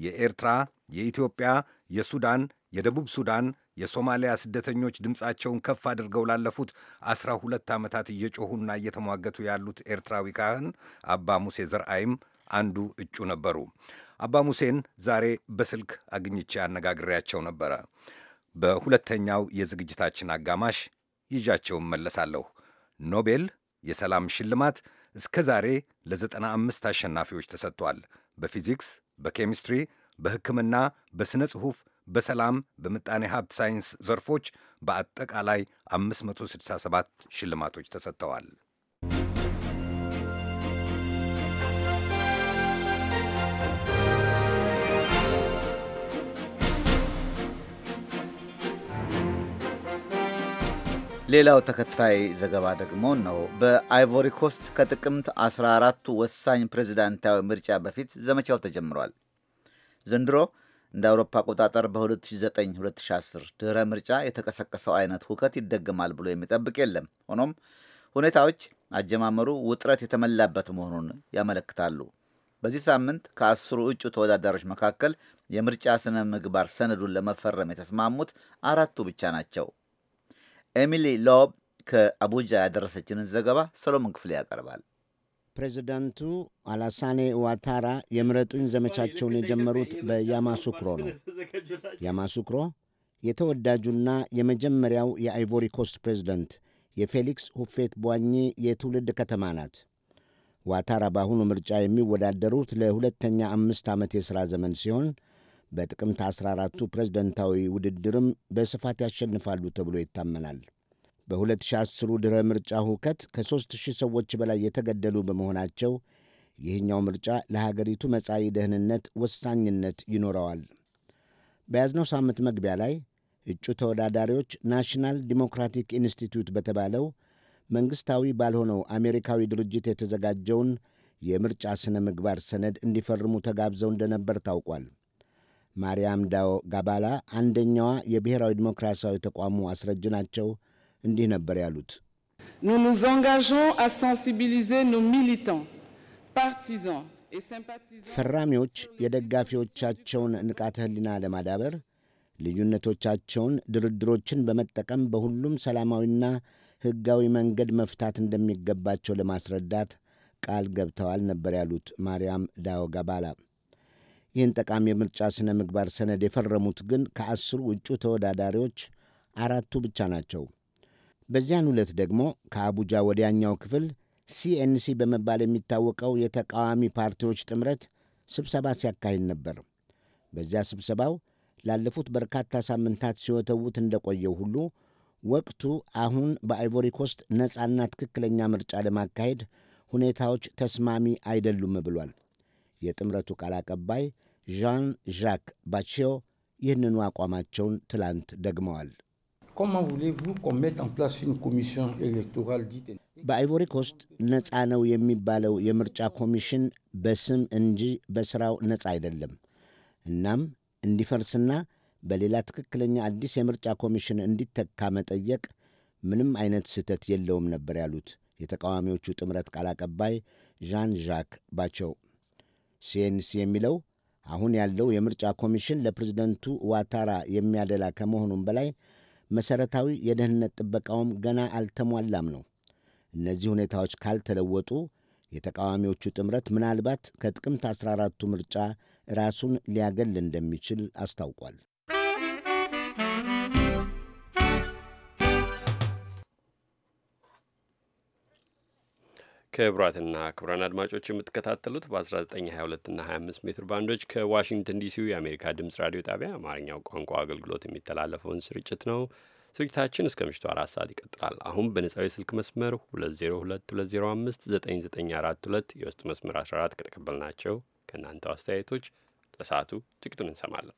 የኤርትራ፣ የኢትዮጵያ፣ የሱዳን፣ የደቡብ ሱዳን፣ የሶማሊያ ስደተኞች ድምፃቸውን ከፍ አድርገው ላለፉት አስራ ሁለት ዓመታት እየጮሁና እየተሟገቱ ያሉት ኤርትራዊ ካህን አባ ሙሴ ዘርአይም አንዱ እጩ ነበሩ። አባ ሙሴን ዛሬ በስልክ አግኝቼ አነጋግሬያቸው ነበረ። በሁለተኛው የዝግጅታችን አጋማሽ ይዣቸውን መለሳለሁ። ኖቤል የሰላም ሽልማት እስከ ዛሬ ለዘጠና አምስት አሸናፊዎች ተሰጥቷል። በፊዚክስ፣ በኬሚስትሪ፣ በሕክምና፣ በሥነ ጽሑፍ፣ በሰላም፣ በምጣኔ ሀብት ሳይንስ ዘርፎች በአጠቃላይ 567 ሽልማቶች ተሰጥተዋል። ሌላው ተከታይ ዘገባ ደግሞ ነው። በአይቮሪ ኮስት ከጥቅምት 14ቱ ወሳኝ ፕሬዚዳንታዊ ምርጫ በፊት ዘመቻው ተጀምሯል። ዘንድሮ እንደ አውሮፓ አቆጣጠር በ2009-2010 ድህረ ምርጫ የተቀሰቀሰው አይነት ሁከት ይደገማል ብሎ የሚጠብቅ የለም። ሆኖም ሁኔታዎች አጀማመሩ ውጥረት የተመላበት መሆኑን ያመለክታሉ። በዚህ ሳምንት ከአስሩ እጩ ተወዳዳሪዎች መካከል የምርጫ ስነ ምግባር ሰነዱን ለመፈረም የተስማሙት አራቱ ብቻ ናቸው። ኤሚሊ ሎብ ከአቡጃ ያደረሰችንን ዘገባ ሰሎሞን ክፍሌ ያቀርባል። ፕሬዚዳንቱ አላሳኔ ዋታራ የምረጡኝ ዘመቻቸውን የጀመሩት በያማሱክሮ ነው። ያማሱክሮ የተወዳጁና የመጀመሪያው የአይቮሪ ኮስት ፕሬዚደንት የፌሊክስ ሁፌት ቧኚ የትውልድ ከተማ ናት። ዋታራ በአሁኑ ምርጫ የሚወዳደሩት ለሁለተኛ አምስት ዓመት የሥራ ዘመን ሲሆን በጥቅምት 14ቱ ፕሬዝደንታዊ ውድድርም በስፋት ያሸንፋሉ ተብሎ ይታመናል። በ2010ሩ ድረ ምርጫ ሁከት ከ3000 ሰዎች በላይ የተገደሉ በመሆናቸው ይህኛው ምርጫ ለሀገሪቱ መጻኢ ደህንነት ወሳኝነት ይኖረዋል። በያዝነው ሳምንት መግቢያ ላይ እጩ ተወዳዳሪዎች ናሽናል ዲሞክራቲክ ኢንስቲትዩት በተባለው መንግሥታዊ ባልሆነው አሜሪካዊ ድርጅት የተዘጋጀውን የምርጫ ሥነ ምግባር ሰነድ እንዲፈርሙ ተጋብዘው እንደነበር ታውቋል። ማርያም ዳዎ ጋባላ አንደኛዋ የብሔራዊ ዲሞክራሲያዊ ተቋሙ አስረጅ ናቸው። እንዲህ ነበር ያሉት። nous nous engageons à sensibiliser nos ፈራሚዎች የደጋፊዎቻቸውን ንቃተ ህሊና ለማዳበር ልዩነቶቻቸውን ድርድሮችን በመጠቀም በሁሉም ሰላማዊና ህጋዊ መንገድ መፍታት እንደሚገባቸው ለማስረዳት ቃል ገብተዋል ነበር ያሉት ማርያም ዳዎ ጋባላ። ይህን ጠቃሚ የምርጫ ሥነ ምግባር ሰነድ የፈረሙት ግን ከአስሩ እጩ ተወዳዳሪዎች አራቱ ብቻ ናቸው። በዚያን ዕለት ደግሞ ከአቡጃ ወዲያኛው ክፍል ሲኤንሲ በመባል የሚታወቀው የተቃዋሚ ፓርቲዎች ጥምረት ስብሰባ ሲያካሂድ ነበር። በዚያ ስብሰባው ላለፉት በርካታ ሳምንታት ሲወተውት እንደቆየው ሁሉ ወቅቱ አሁን በአይቮሪ ኮስት ነፃና ትክክለኛ ምርጫ ለማካሄድ ሁኔታዎች ተስማሚ አይደሉም ብሏል። የጥምረቱ ቃል አቀባይ ዣን ዣክ ባቼዮ ይህንኑ አቋማቸውን ትላንት ደግመዋል። በአይቮሪ ኮስት ነፃ ነው የሚባለው የምርጫ ኮሚሽን በስም እንጂ በሥራው ነፃ አይደለም። እናም እንዲፈርስና በሌላ ትክክለኛ አዲስ የምርጫ ኮሚሽን እንዲተካ መጠየቅ ምንም አይነት ስህተት የለውም ነበር ያሉት የተቃዋሚዎቹ ጥምረት ቃል አቀባይ ዣን ዣክ ባቸው። ሲኤንሲ የሚለው አሁን ያለው የምርጫ ኮሚሽን ለፕሬዝደንቱ ዋታራ የሚያደላ ከመሆኑም በላይ መሠረታዊ የደህንነት ጥበቃውም ገና አልተሟላም ነው። እነዚህ ሁኔታዎች ካልተለወጡ የተቃዋሚዎቹ ጥምረት ምናልባት ከጥቅምት 14ቱ ምርጫ ራሱን ሊያገል እንደሚችል አስታውቋል። ክቡራትና ክቡራን አድማጮች የምትከታተሉት በ 1922 እና 25 ሜትር ባንዶች ከዋሽንግተን ዲሲው የአሜሪካ ድምፅ ራዲዮ ጣቢያ አማርኛው ቋንቋ አገልግሎት የሚተላለፈውን ስርጭት ነው። ስርጭታችን እስከ ምሽቱ አራት ሰዓት ይቀጥላል። አሁን በነጻዊ ስልክ መስመር 2022059942 የውስጥ መስመር 14 ከተቀበልናቸው ከእናንተው አስተያየቶች ለሰዓቱ ጥቂቱን እንሰማለን።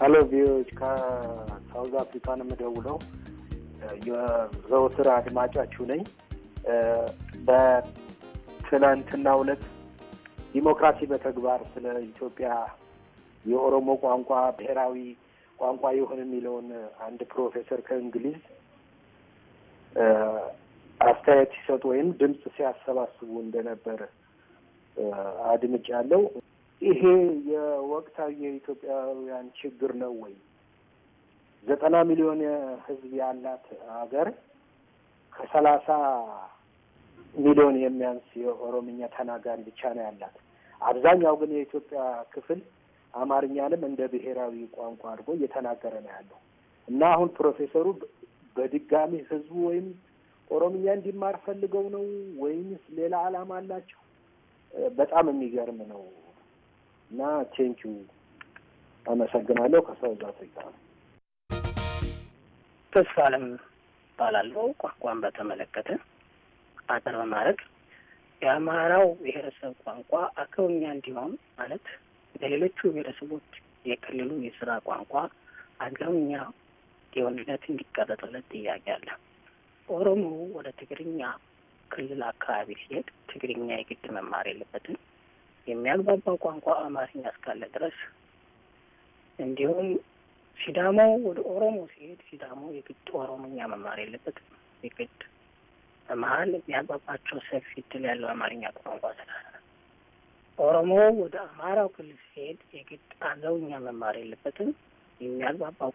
ሀሎ ቪዎች ከሳውዝ አፍሪካ ነው የምደውለው። የዘወትር አድማጫችሁ ነኝ። በትናንትናው ዕለት ዲሞክራሲ በተግባር ስለ ኢትዮጵያ የኦሮሞ ቋንቋ ብሔራዊ ቋንቋ ይሁን የሚለውን አንድ ፕሮፌሰር ከእንግሊዝ አስተያየት ሲሰጡ ወይም ድምፅ ሲያሰባስቡ እንደነበር አድምጫ ያለው ይሄ የወቅታዊ የኢትዮጵያውያን ችግር ነው ወይ? ዘጠና ሚሊዮን ህዝብ ያላት ሀገር ከሰላሳ ሚሊዮን የሚያንስ የኦሮምኛ ተናጋሪ ብቻ ነው ያላት። አብዛኛው ግን የኢትዮጵያ ክፍል አማርኛንም እንደ ብሔራዊ ቋንቋ አድርጎ እየተናገረ ነው ያለው እና አሁን ፕሮፌሰሩ በድጋሚ ህዝቡ ወይም ኦሮምኛ እንዲማር ፈልገው ነው ወይምስ ሌላ ዓላማ አላቸው? በጣም የሚገርም ነው። እና ቴንኪዩ አመሰግናለሁ። ከሳውዝ አፍሪካ ተስፋ አለም ባላለው ቋንቋን በተመለከተ አጠር በማድረግ የአማራው ብሔረሰብ ቋንቋ አከብኛ እንዲሆን ማለት ለሌሎቹ ብሔረሰቦች የክልሉ የስራ ቋንቋ አገርኛ የሆንነት እንዲቀረጥለት ጥያቄ አለ። ኦሮሞ ወደ ትግርኛ ክልል አካባቢ ሲሄድ ትግርኛ የግድ መማር የለበትም። የሚያግባባ ቋንቋ አማርኛ እስካለ ድረስ እንዲሁም ሲዳሞ ወደ ኦሮሞ ሲሄድ ሲዳሞ የግድ ኦሮሞኛ መማር የለበትም። የግድ በመሀል የሚያግባባቸው ሰፊ እድል ያለው አማርኛ ቋንቋ ስላለ ኦሮሞ ወደ አማራው ክልል ሲሄድ የግድ አገውኛ መማር የለበትም። የሚያግባባው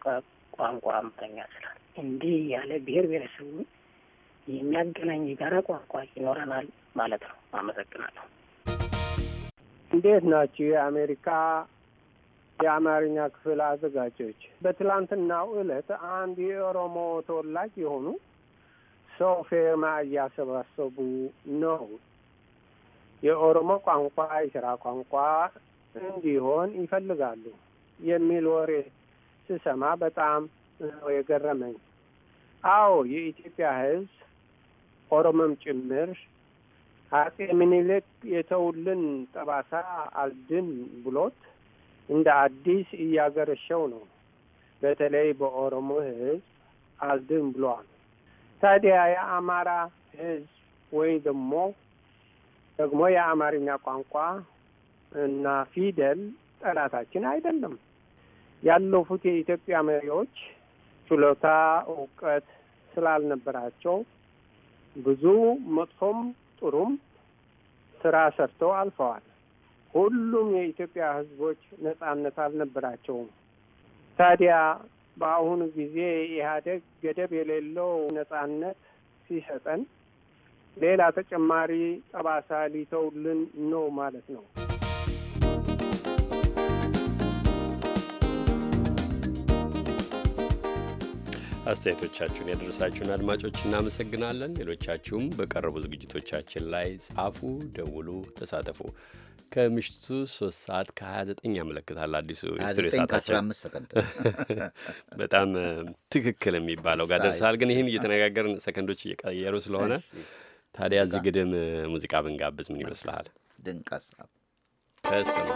ቋንቋ አማርኛ ስላለ እንዲህ ያለ ብሔር ብሔረሰቡን የሚያገናኝ የጋራ ቋንቋ ይኖረናል ማለት ነው። አመሰግናለሁ። እንዴት ናችሁ? የአሜሪካ የአማርኛ ክፍል አዘጋጆች። በትላንትናው ዕለት አንድ የኦሮሞ ተወላጅ የሆኑ ሰው ፌርማ እያሰባሰቡ ነው። የኦሮሞ ቋንቋ የስራ ቋንቋ እንዲሆን ይፈልጋሉ የሚል ወሬ ስሰማ በጣም ነው የገረመኝ። አዎ የኢትዮጵያ ሕዝብ ኦሮሞም ጭምር አጼ ምኒልክ የተውልን ጠባሳ አልድን ብሎት እንደ አዲስ እያገረሸው ነው። በተለይ በኦሮሞ ህዝብ አልድን ብሏል። ታዲያ የአማራ ህዝብ ወይ ደግሞ ደግሞ የአማርኛ ቋንቋ እና ፊደል ጠላታችን አይደለም። ያለፉት የኢትዮጵያ መሪዎች ችሎታ፣ እውቀት ስላልነበራቸው ብዙ መጥፎም ጥሩም ስራ ሰርተው አልፈዋል። ሁሉም የኢትዮጵያ ህዝቦች ነጻነት አልነበራቸውም። ታዲያ በአሁኑ ጊዜ ኢህአዴግ ገደብ የሌለው ነጻነት ሲሰጠን ሌላ ተጨማሪ ጠባሳ ሊተውልን ነው ማለት ነው። አስተያየቶቻችሁን ያደረሳችሁን አድማጮች እናመሰግናለን። ሌሎቻችሁም በቀረቡ ዝግጅቶቻችን ላይ ጻፉ፣ ደውሉ፣ ተሳተፉ። ከምሽቱ ሶስት ሰዓት ከ29 ያመለክታል። አዲሱ በጣም ትክክል የሚባለው ጋር ደርሳል። ግን ይህን እየተነጋገርን ሰከንዶች እየቀየሩ ስለሆነ ታዲያ እዚህ ግድም ሙዚቃ ብንጋብዝ ምን ይመስልሃል? ድንቅ ሀሳብ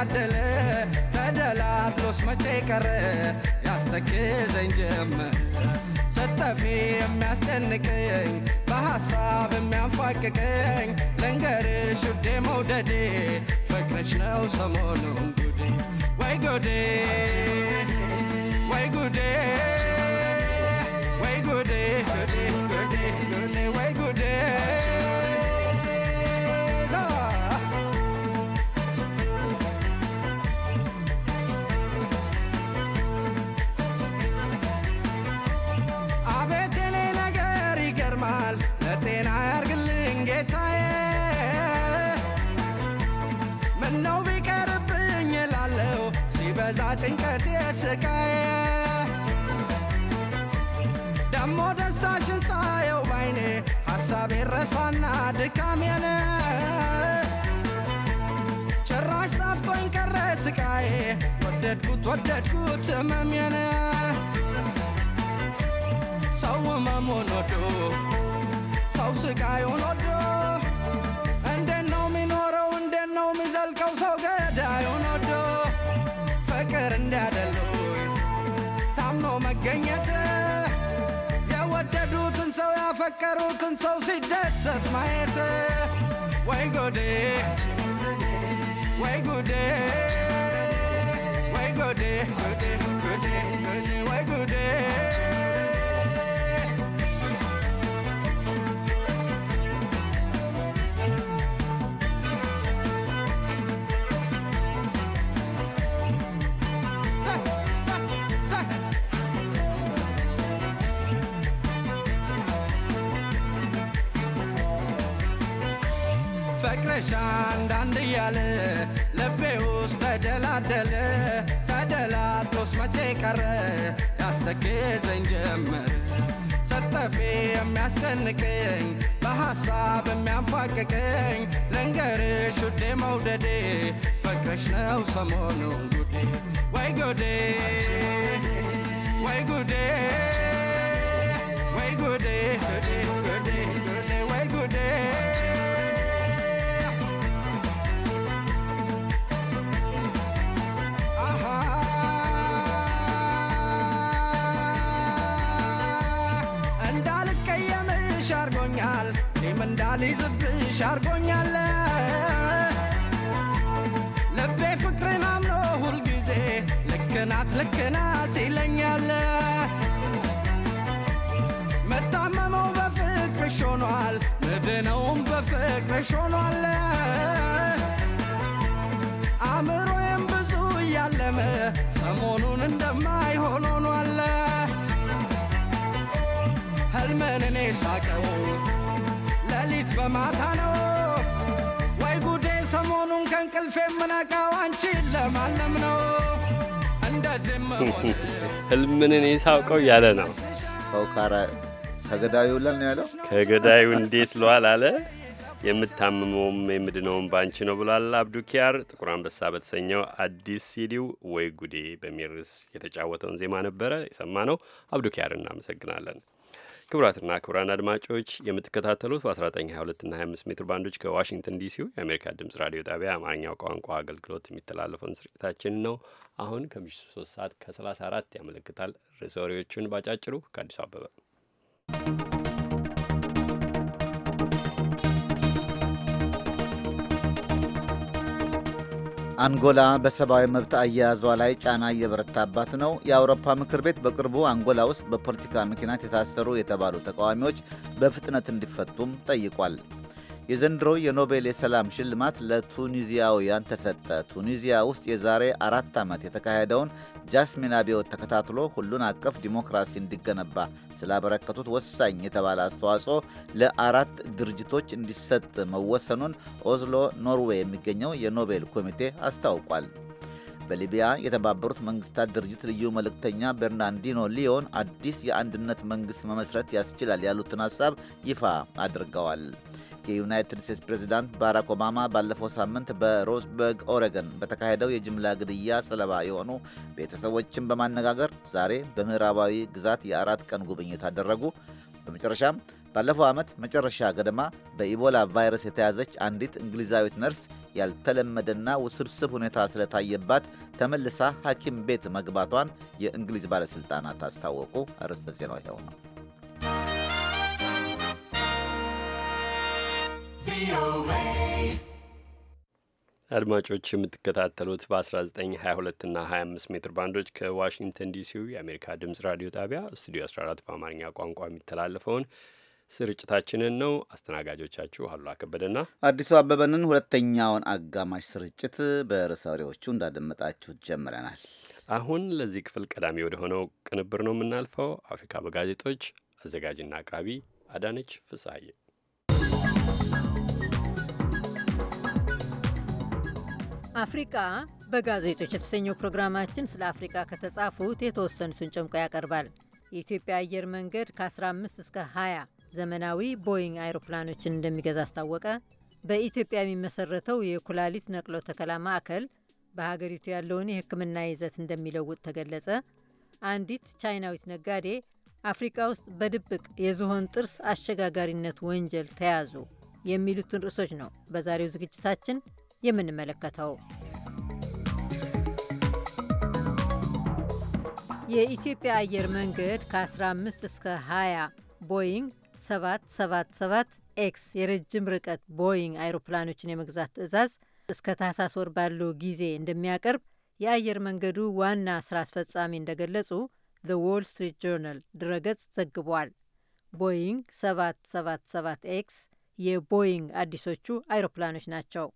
ተጋደለ ተደላድሎስ መቼ ቀረ ያስተክዘኝ ጀመር ስጠፊ የሚያስጨንቀኝ በሐሳብ የሚያንፋቅቀኝ ልንገርሽ ውዴ መውደዴ ፍቅርሽ ነው ሰሞኑን ጉዴ ወይ ጉዴ ወይ ጉዴ ወይ ጉዴ ወይ ጉዴ በዛ ጭንቀት የስቃየ ደሞ ደስታሽን ሳየው ባይኔ ሐሳቤ ረሳና ድካሜን ጭራሽ ጣፍቶኝ ቀረ ስቃዬ ወደድኩት ወደድኩት ሰው ወዶ ሰው ስቃዩን ወዶ I can't și desat mai este Way good day Way good day Way good day, good ፍቅርሻ አንዳንድ እያለ ልቤ ውስጥ ተደላደለ ተደላድሎስ መቼ ቀረ ያስተክዘኝ ጀመር ሰጠፌ የሚያስጨንቀኝ በሐሳብ የሚያንፏቅቀኝ ልንገርሽ ውዴ መውደዴ ፍቅርሽ ነው ሰሞኑን ጉዴ ወይ ጉዴ ወይ ጉዴ ወይ ጉዴ ጉዴ ጉዴ ወይ ጉዴ እንዳልይዝብሽ አርጎኛለ ልቤ ፍቅርን አምኖ ሁልጊዜ ልክናት ልክናት ይለኛለ መታመመው በፍቅርሽ ሆኗል ምድነውም በፍቅርሽ ሆኗል አእምሮዬም ብዙ እያለመ ሰሞኑን እንደማይሆን ሆኗል ህልምን እኔ ሳቀው ለማታ ነው ወይ ጉዴ! ሰሞኑን ከእንቅልፌ የምነቃው አንቺን ለማለም ነው። እንደዚህም ህልምን እኔ ሳውቀው ያለ ነው ሰው ካራ ከገዳዩ ለን ያለው ከገዳዩ እንዴት ለዋል አለ የምታምመውም የምድነውም ባንቺ ነው ብሏል። አብዱ ኪያር ጥቁር አንበሳ በተሰኘው አዲስ ሲዲው ወይ ጉዴ በሚርስ የተጫወተውን ዜማ ነበረ የሰማ ነው። አብዱ ኪያር እናመሰግናለን። ክቡራትና ክቡራን አድማጮች የምትከታተሉት በ1922 እና 25 ሜትር ባንዶች ከዋሽንግተን ዲሲው የአሜሪካ ድምፅ ራዲዮ ጣቢያ አማርኛው ቋንቋ አገልግሎት የሚተላለፈውን ስርጭታችን ነው። አሁን ከምሽቱ 3 ሰዓት ከ34 ያመለክታል። ርዕሰ ወሬዎቹን ባጫጭሩ ከአዲሱ አበበ አንጎላ በሰብአዊ መብት አያያዟ ላይ ጫና እየበረታባት ነው። የአውሮፓ ምክር ቤት በቅርቡ አንጎላ ውስጥ በፖለቲካ ምክንያት የታሰሩ የተባሉ ተቃዋሚዎች በፍጥነት እንዲፈቱም ጠይቋል። የዘንድሮ የኖቤል የሰላም ሽልማት ለቱኒዚያውያን ተሰጠ። ቱኒዚያ ውስጥ የዛሬ አራት ዓመት የተካሄደውን ጃስሚን አብዮት ተከታትሎ ሁሉን አቀፍ ዲሞክራሲ እንዲገነባ ስላበረከቱት ወሳኝ የተባለ አስተዋጽኦ ለአራት ድርጅቶች እንዲሰጥ መወሰኑን ኦዝሎ ኖርዌይ የሚገኘው የኖቤል ኮሚቴ አስታውቋል። በሊቢያ የተባበሩት መንግስታት ድርጅት ልዩ መልእክተኛ በርናንዲኖ ሊዮን አዲስ የአንድነት መንግሥት መመስረት ያስችላል ያሉትን ሐሳብ ይፋ አድርገዋል። የዩናይትድ ስቴትስ ፕሬዚዳንት ባራክ ኦባማ ባለፈው ሳምንት በሮዝበርግ ኦሬገን በተካሄደው የጅምላ ግድያ ሰለባ የሆኑ ቤተሰቦችን በማነጋገር ዛሬ በምዕራባዊ ግዛት የአራት ቀን ጉብኝት አደረጉ። በመጨረሻም ባለፈው ዓመት መጨረሻ ገደማ በኢቦላ ቫይረስ የተያዘች አንዲት እንግሊዛዊት ነርስ ያልተለመደና ውስብስብ ሁኔታ ስለታየባት ተመልሳ ሐኪም ቤት መግባቷን የእንግሊዝ ባለሥልጣናት አስታወቁ። አርዕስተ ዜናው ይኸው ነው። አድማጮች የምትከታተሉት በ1922 እና 25 ሜትር ባንዶች ከዋሽንግተን ዲሲው የአሜሪካ ድምፅ ራዲዮ ጣቢያ ስቱዲዮ 14 በአማርኛ ቋንቋ የሚተላለፈውን ስርጭታችንን ነው። አስተናጋጆቻችሁ አሉ ከበደና አዲሱ አበበንን ሁለተኛውን አጋማሽ ስርጭት በርዕሰ ወሬዎቹ ጀምረናል። አሁን ለዚህ ክፍል ቀዳሚ ወደ ሆነው ቅንብር ነው የምናልፈው። አፍሪካ በጋዜጦች አዘጋጅና አቅራቢ አዳነች ፍስሐዬ አፍሪቃ በጋዜጦች የተሰኘው ፕሮግራማችን ስለ አፍሪቃ ከተጻፉት የተወሰኑትን ጨምቆ ያቀርባል። የኢትዮጵያ አየር መንገድ ከ15 እስከ 20 ዘመናዊ ቦይንግ አይሮፕላኖችን እንደሚገዛ አስታወቀ፣ በኢትዮጵያ የሚመሰረተው የኩላሊት ነቅሎ ተከላ ማዕከል በሀገሪቱ ያለውን የሕክምና ይዘት እንደሚለውጥ ተገለጸ፣ አንዲት ቻይናዊት ነጋዴ አፍሪቃ ውስጥ በድብቅ የዝሆን ጥርስ አሸጋጋሪነት ወንጀል ተያዙ፣ የሚሉትን ርዕሶች ነው በዛሬው ዝግጅታችን የምንመለከተው። የኢትዮጵያ አየር መንገድ ከ15 እስከ 20 ቦይንግ 777 ኤክስ የረጅም ርቀት ቦይንግ አይሮፕላኖችን የመግዛት ትዕዛዝ እስከ ታህሳስ ወር ባለው ጊዜ እንደሚያቀርብ የአየር መንገዱ ዋና ስራ አስፈጻሚ እንደገለጹ ዘ ዎል ስትሪት ጆርናል ድረገጽ ዘግቧል። ቦይንግ 777 ኤክስ የቦይንግ አዲሶቹ አይሮፕላኖች ናቸው።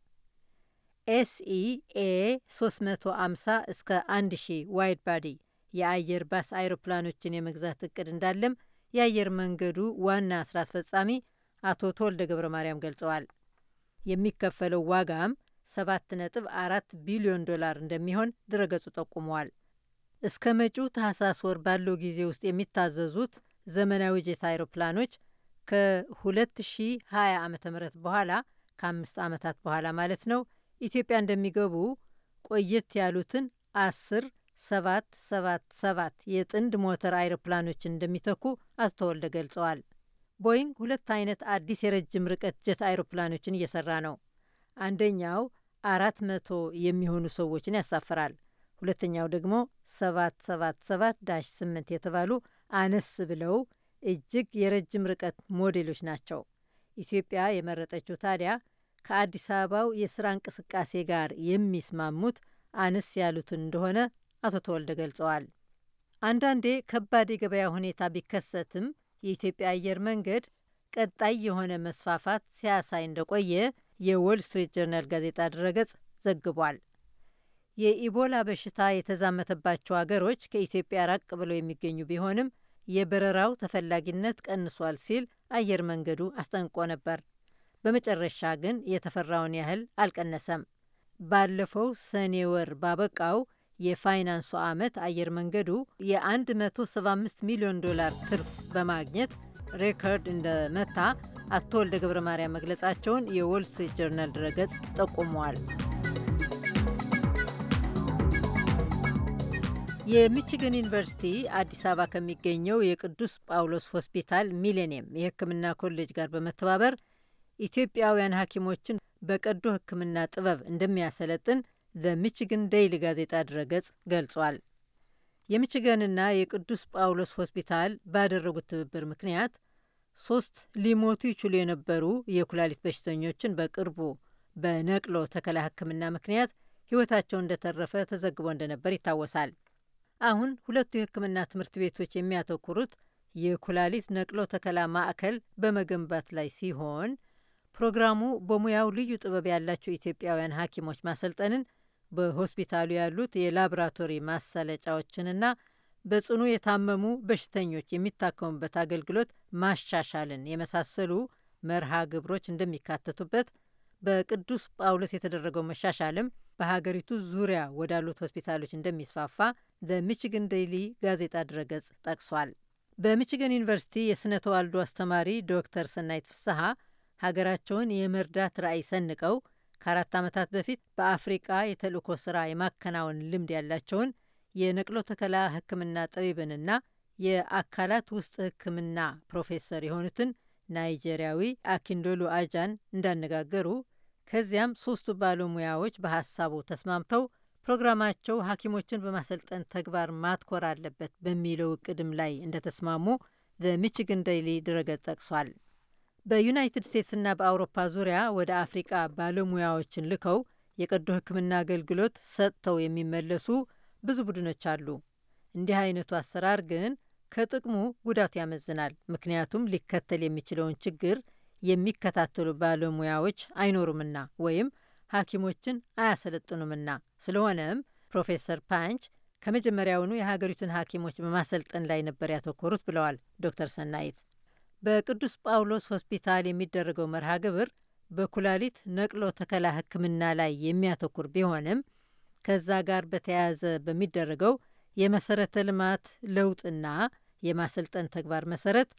ኤስኢ ኤ 350 እስከ 1000 ዋይድ ባዲ የአየር ባስ አይሮፕላኖችን የመግዛት እቅድ እንዳለም የአየር መንገዱ ዋና ስራ አስፈጻሚ አቶ ተወልደ ገብረ ማርያም ገልጸዋል። የሚከፈለው ዋጋም 7.4 ቢሊዮን ዶላር እንደሚሆን ድረገጹ ጠቁመዋል። እስከ መጪው ታህሳስ ወር ባለው ጊዜ ውስጥ የሚታዘዙት ዘመናዊ ጄት አይሮፕላኖች ከ2020 ዓ ም በኋላ ከአምስት ዓመታት በኋላ ማለት ነው ኢትዮጵያ እንደሚገቡ ቆየት ያሉትን አስር ሰባት ሰባት ሰባት የጥንድ ሞተር አይሮፕላኖችን እንደሚተኩ አቶ ተወልደ ገልጸዋል። ቦይንግ ሁለት አይነት አዲስ የረጅም ርቀት ጀት አይሮፕላኖችን እየሰራ ነው። አንደኛው አራት መቶ የሚሆኑ ሰዎችን ያሳፍራል። ሁለተኛው ደግሞ ሰባት ዳሽ ስምንት የተባሉ አነስ ብለው እጅግ የረጅም ርቀት ሞዴሎች ናቸው። ኢትዮጵያ የመረጠችው ታዲያ ከአዲስ አበባው የስራ እንቅስቃሴ ጋር የሚስማሙት አነስ ያሉትን እንደሆነ አቶ ተወልደ ገልጸዋል። አንዳንዴ ከባድ የገበያ ሁኔታ ቢከሰትም የኢትዮጵያ አየር መንገድ ቀጣይ የሆነ መስፋፋት ሲያሳይ እንደቆየ የወል ስትሪት ጆርናል ጋዜጣ ድረገጽ ዘግቧል። የኢቦላ በሽታ የተዛመተባቸው አገሮች ከኢትዮጵያ ራቅ ብለው የሚገኙ ቢሆንም የበረራው ተፈላጊነት ቀንሷል ሲል አየር መንገዱ አስጠንቅቆ ነበር። በመጨረሻ ግን የተፈራውን ያህል አልቀነሰም። ባለፈው ሰኔ ወር ባበቃው የፋይናንሱ ዓመት አየር መንገዱ የ175 ሚሊዮን ዶላር ትርፍ በማግኘት ሬከርድ እንደመታ አቶ ወልደ ገብረ ማርያም መግለጻቸውን የዎል ስትሪት ጆርናል ድረገጽ ጠቁመዋል። የሚችገን ዩኒቨርሲቲ አዲስ አበባ ከሚገኘው የቅዱስ ጳውሎስ ሆስፒታል ሚሌኒየም የሕክምና ኮሌጅ ጋር በመተባበር ኢትዮጵያውያን ሐኪሞችን በቀዶ ሕክምና ጥበብ እንደሚያሰለጥን ሚችግን ዴይሊ ጋዜጣ ድረገጽ ገልጿል። የሚችገንና የቅዱስ ጳውሎስ ሆስፒታል ባደረጉት ትብብር ምክንያት ሶስት ሊሞቱ ይችሉ የነበሩ የኩላሊት በሽተኞችን በቅርቡ በነቅሎ ተከላ ሕክምና ምክንያት ሕይወታቸው እንደተረፈ ተዘግቦ እንደነበር ይታወሳል። አሁን ሁለቱ የሕክምና ትምህርት ቤቶች የሚያተኩሩት የኩላሊት ነቅሎ ተከላ ማዕከል በመገንባት ላይ ሲሆን ፕሮግራሙ በሙያው ልዩ ጥበብ ያላቸው ኢትዮጵያውያን ሐኪሞች ማሰልጠንን፣ በሆስፒታሉ ያሉት የላቦራቶሪ ማሰለጫዎችንና በጽኑ የታመሙ በሽተኞች የሚታከሙበት አገልግሎት ማሻሻልን የመሳሰሉ መርሃ ግብሮች እንደሚካተቱበት በቅዱስ ጳውሎስ የተደረገው መሻሻልም በሀገሪቱ ዙሪያ ወዳሉት ሆስፒታሎች እንደሚስፋፋ በሚችግን ዴይሊ ጋዜጣ ድረገጽ ጠቅሷል። በሚችገን ዩኒቨርሲቲ የሥነ ተዋልዶ አስተማሪ ዶክተር ሰናይት ፍስሐ ሀገራቸውን የመርዳት ራዕይ ሰንቀው ከአራት ዓመታት በፊት በአፍሪቃ የተልእኮ ስራ የማከናወን ልምድ ያላቸውን የነቅሎ ተከላ ሕክምና ጠቢብንና የአካላት ውስጥ ሕክምና ፕሮፌሰር የሆኑትን ናይጄሪያዊ አኪንዶሉ አጃን እንዳነጋገሩ ከዚያም ሶስቱ ባለሙያዎች በሀሳቡ ተስማምተው ፕሮግራማቸው ሐኪሞችን በማሰልጠን ተግባር ማትኮር አለበት በሚለው እቅድም ላይ እንደተስማሙ በሚችግን ዴይሊ ድረገጽ ጠቅሷል። በዩናይትድ ስቴትስና በአውሮፓ ዙሪያ ወደ አፍሪቃ ባለሙያዎችን ልከው የቀዶ ሕክምና አገልግሎት ሰጥተው የሚመለሱ ብዙ ቡድኖች አሉ። እንዲህ አይነቱ አሰራር ግን ከጥቅሙ ጉዳቱ ያመዝናል። ምክንያቱም ሊከተል የሚችለውን ችግር የሚከታተሉ ባለሙያዎች አይኖሩምና ወይም ሐኪሞችን አያሰለጥኑምና። ስለሆነም ፕሮፌሰር ፓንች ከመጀመሪያውኑ የሀገሪቱን ሐኪሞች በማሰልጠን ላይ ነበር ያተኮሩት ብለዋል ዶክተር ሰናይት። በቅዱስ ጳውሎስ ሆስፒታል የሚደረገው መርሃ ግብር በኩላሊት ነቅሎ ተከላ ሕክምና ላይ የሚያተኩር ቢሆንም ከዛ ጋር በተያያዘ በሚደረገው የመሰረተ ልማት ለውጥና የማሰልጠን ተግባር መሰረት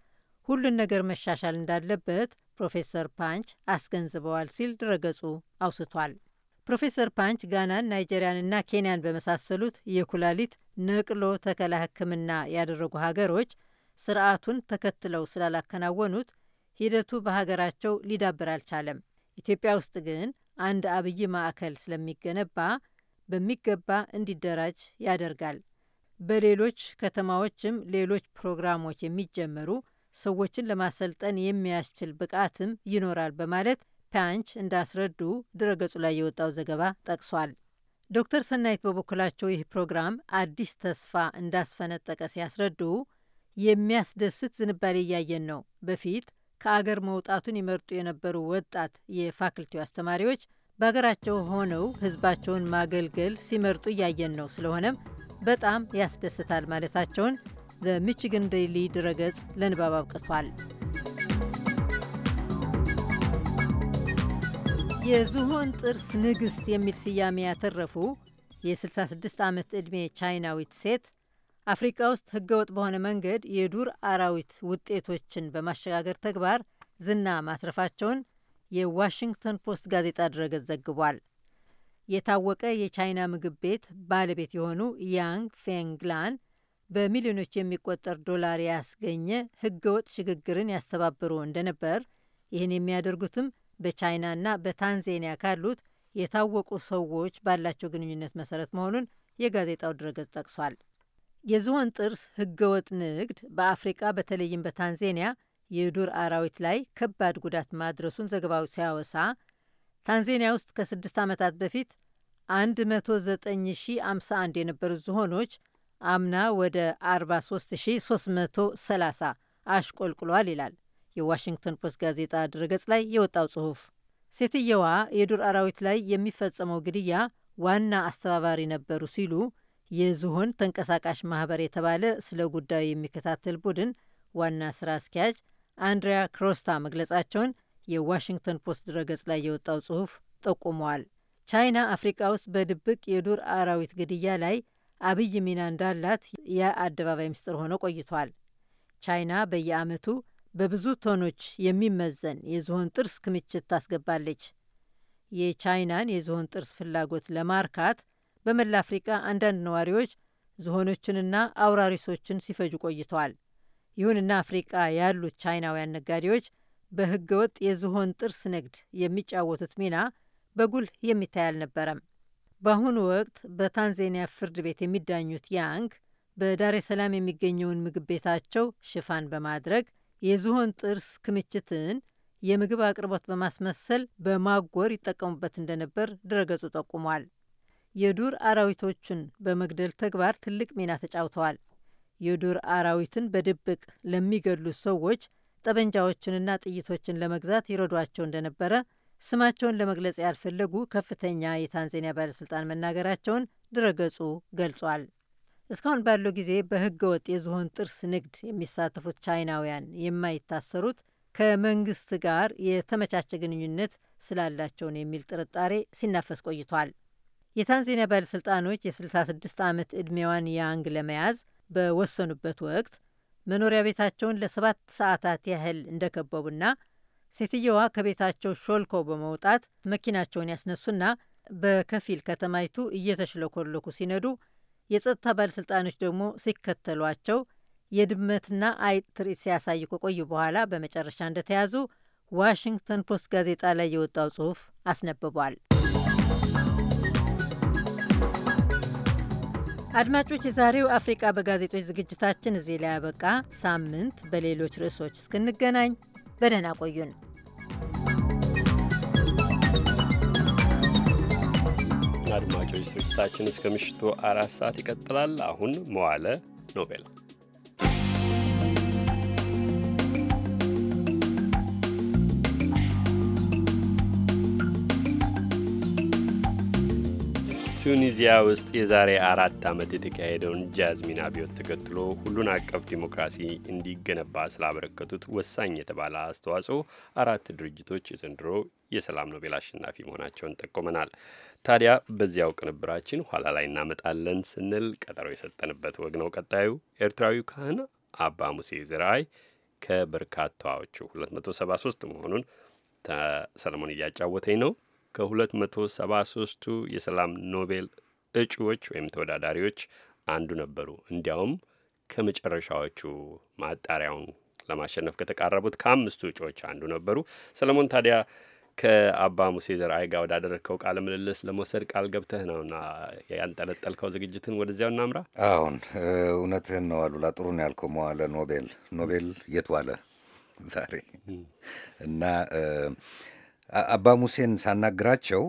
ሁሉን ነገር መሻሻል እንዳለበት ፕሮፌሰር ፓንች አስገንዝበዋል ሲል ድረገጹ አውስቷል። ፕሮፌሰር ፓንች ጋናን፣ ናይጄሪያንና ኬንያን በመሳሰሉት የኩላሊት ነቅሎ ተከላ ሕክምና ያደረጉ ሀገሮች ስርዓቱን ተከትለው ስላላከናወኑት ሂደቱ በሀገራቸው ሊዳብር አልቻለም። ኢትዮጵያ ውስጥ ግን አንድ አብይ ማዕከል ስለሚገነባ በሚገባ እንዲደራጅ ያደርጋል። በሌሎች ከተማዎችም ሌሎች ፕሮግራሞች የሚጀመሩ ሰዎችን ለማሰልጠን የሚያስችል ብቃትም ይኖራል በማለት ፓንች እንዳስረዱ ድረገጹ ላይ የወጣው ዘገባ ጠቅሷል። ዶክተር ሰናይት በበኩላቸው ይህ ፕሮግራም አዲስ ተስፋ እንዳስፈነጠቀ ሲያስረዱ የሚያስደስት ዝንባሌ እያየን ነው። በፊት ከአገር መውጣቱን ይመርጡ የነበሩ ወጣት የፋክልቲው አስተማሪዎች በሀገራቸው ሆነው ህዝባቸውን ማገልገል ሲመርጡ እያየን ነው። ስለሆነም በጣም ያስደስታል ማለታቸውን ሚችግን ዴይሊ ድረገጽ ለንባብ አብቅቷል። የዝሆን ጥርስ ንግሥት የሚል ስያሜ ያተረፉ የ66 ዓመት ዕድሜ ቻይናዊት ሴት አፍሪቃ ውስጥ ህገወጥ በሆነ መንገድ የዱር አራዊት ውጤቶችን በማሸጋገር ተግባር ዝና ማትረፋቸውን የዋሽንግተን ፖስት ጋዜጣ ድረገጽ ዘግቧል። የታወቀ የቻይና ምግብ ቤት ባለቤት የሆኑ ያንግ ፌንግላን በሚሊዮኖች የሚቆጠር ዶላር ያስገኘ ህገወጥ ሽግግርን ያስተባብሩ እንደነበር፣ ይህን የሚያደርጉትም በቻይናና በታንዜኒያ ካሉት የታወቁ ሰዎች ባላቸው ግንኙነት መሰረት መሆኑን የጋዜጣው ድረገጽ ጠቅሷል። የዝሆን ጥርስ ህገወጥ ንግድ በአፍሪቃ በተለይም በታንዜኒያ የዱር አራዊት ላይ ከባድ ጉዳት ማድረሱን ዘገባው ሲያወሳ ታንዜኒያ ውስጥ ከስድስት ዓመታት በፊት 109051 የነበሩ ዝሆኖች አምና ወደ 43330 አሽቆልቁሏል ይላል የዋሽንግተን ፖስት ጋዜጣ ድረገጽ ላይ የወጣው ጽሑፍ። ሴትየዋ የዱር አራዊት ላይ የሚፈጸመው ግድያ ዋና አስተባባሪ ነበሩ ሲሉ የዝሆን ተንቀሳቃሽ ማህበር የተባለ ስለ ጉዳዩ የሚከታተል ቡድን ዋና ስራ አስኪያጅ አንድሪያ ክሮስታ መግለጻቸውን የዋሽንግተን ፖስት ድረገጽ ላይ የወጣው ጽሑፍ ጠቁመዋል። ቻይና አፍሪቃ ውስጥ በድብቅ የዱር አራዊት ግድያ ላይ አብይ ሚና እንዳላት የአደባባይ ምስጢር ሆኖ ቆይቷል። ቻይና በየዓመቱ በብዙ ቶኖች የሚመዘን የዝሆን ጥርስ ክምችት ታስገባለች። የቻይናን የዝሆን ጥርስ ፍላጎት ለማርካት በመላ አፍሪቃ አንዳንድ ነዋሪዎች ዝሆኖችንና አውራሪሶችን ሲፈጁ ቆይተዋል። ይሁንና አፍሪቃ ያሉት ቻይናውያን ነጋዴዎች በህገ ወጥ የዝሆን ጥርስ ንግድ የሚጫወቱት ሚና በጉልህ የሚታይ አልነበረም። በአሁኑ ወቅት በታንዛኒያ ፍርድ ቤት የሚዳኙት ያንግ በዳሬ ሰላም የሚገኘውን ምግብ ቤታቸው ሽፋን በማድረግ የዝሆን ጥርስ ክምችትን የምግብ አቅርቦት በማስመሰል በማጎር ይጠቀሙበት እንደነበር ድረገጹ ጠቁሟል። የዱር አራዊቶቹን በመግደል ተግባር ትልቅ ሚና ተጫውተዋል። የዱር አራዊትን በድብቅ ለሚገድሉት ሰዎች ጠበንጃዎችንና ጥይቶችን ለመግዛት ይረዷቸው እንደነበረ ስማቸውን ለመግለጽ ያልፈለጉ ከፍተኛ የታንዛኒያ ባለሥልጣን መናገራቸውን ድረገጹ ገልጿል። እስካሁን ባለው ጊዜ በሕገ ወጥ የዝሆን ጥርስ ንግድ የሚሳተፉት ቻይናውያን የማይታሰሩት ከመንግስት ጋር የተመቻቸ ግንኙነት ስላላቸውን የሚል ጥርጣሬ ሲናፈስ ቆይቷል። የታንዛኒያ ባለሥልጣኖች የ66 ዓመት ዕድሜዋን ያንግ ለመያዝ በወሰኑበት ወቅት መኖሪያ ቤታቸውን ለሰባት ሰዓታት ያህል እንደከበቡና ሴትየዋ ከቤታቸው ሾልኮ በመውጣት መኪናቸውን ያስነሱና በከፊል ከተማይቱ እየተሽለኮለኩ ሲነዱ የጸጥታ ባለሥልጣኖች ደግሞ ሲከተሏቸው የድመትና አይጥ ትርኢት ሲያሳይ ከቆዩ በኋላ በመጨረሻ እንደተያዙ ዋሽንግተን ፖስት ጋዜጣ ላይ የወጣው ጽሑፍ አስነብቧል። አድማጮች፣ የዛሬው አፍሪቃ በጋዜጦች ዝግጅታችን እዚህ ላይ ያበቃ። ሳምንት በሌሎች ርዕሶች እስክንገናኝ በደህና ቆዩን። አድማጮች፣ ስርጭታችን እስከ ምሽቱ አራት ሰዓት ይቀጥላል። አሁን መዋለ ኖቤል ቱኒዚያ ውስጥ የዛሬ አራት ዓመት የተካሄደውን ጃዝሚን አብዮት ተከትሎ ሁሉን አቀፍ ዲሞክራሲ እንዲገነባ ስላበረከቱት ወሳኝ የተባለ አስተዋጽኦ አራት ድርጅቶች የዘንድሮ የሰላም ኖቤል አሸናፊ መሆናቸውን ጠቁመናል። ታዲያ በዚያው ቅንብራችን ኋላ ላይ እናመጣለን ስንል ቀጠሮ የሰጠንበት ወግ ነው። ቀጣዩ ኤርትራዊው ካህን አባ ሙሴ ዝርአይ ከበርካታዎቹ 273 መሆኑን ሰለሞን እያጫወተኝ ነው። ከ273ቱ የሰላም ኖቤል እጩዎች ወይም ተወዳዳሪዎች አንዱ ነበሩ። እንዲያውም ከመጨረሻዎቹ ማጣሪያውን ለማሸነፍ ከተቃረቡት ከአምስቱ እጩዎች አንዱ ነበሩ። ሰለሞን ታዲያ ከአባ ሙሴ ዘርአይ ጋር ወዳደረግከው ቃለ ምልልስ ለመውሰድ ቃል ገብተህ ነውና ያንጠለጠልከው ዝግጅትን ወደዚያው እናምራ። አሁን እውነትህን ነው አሉላ፣ ጥሩ ያልከው። መዋለ ኖቤል ኖቤል የት ዋለ ዛሬ እና አባ ሙሴን ሳናግራቸው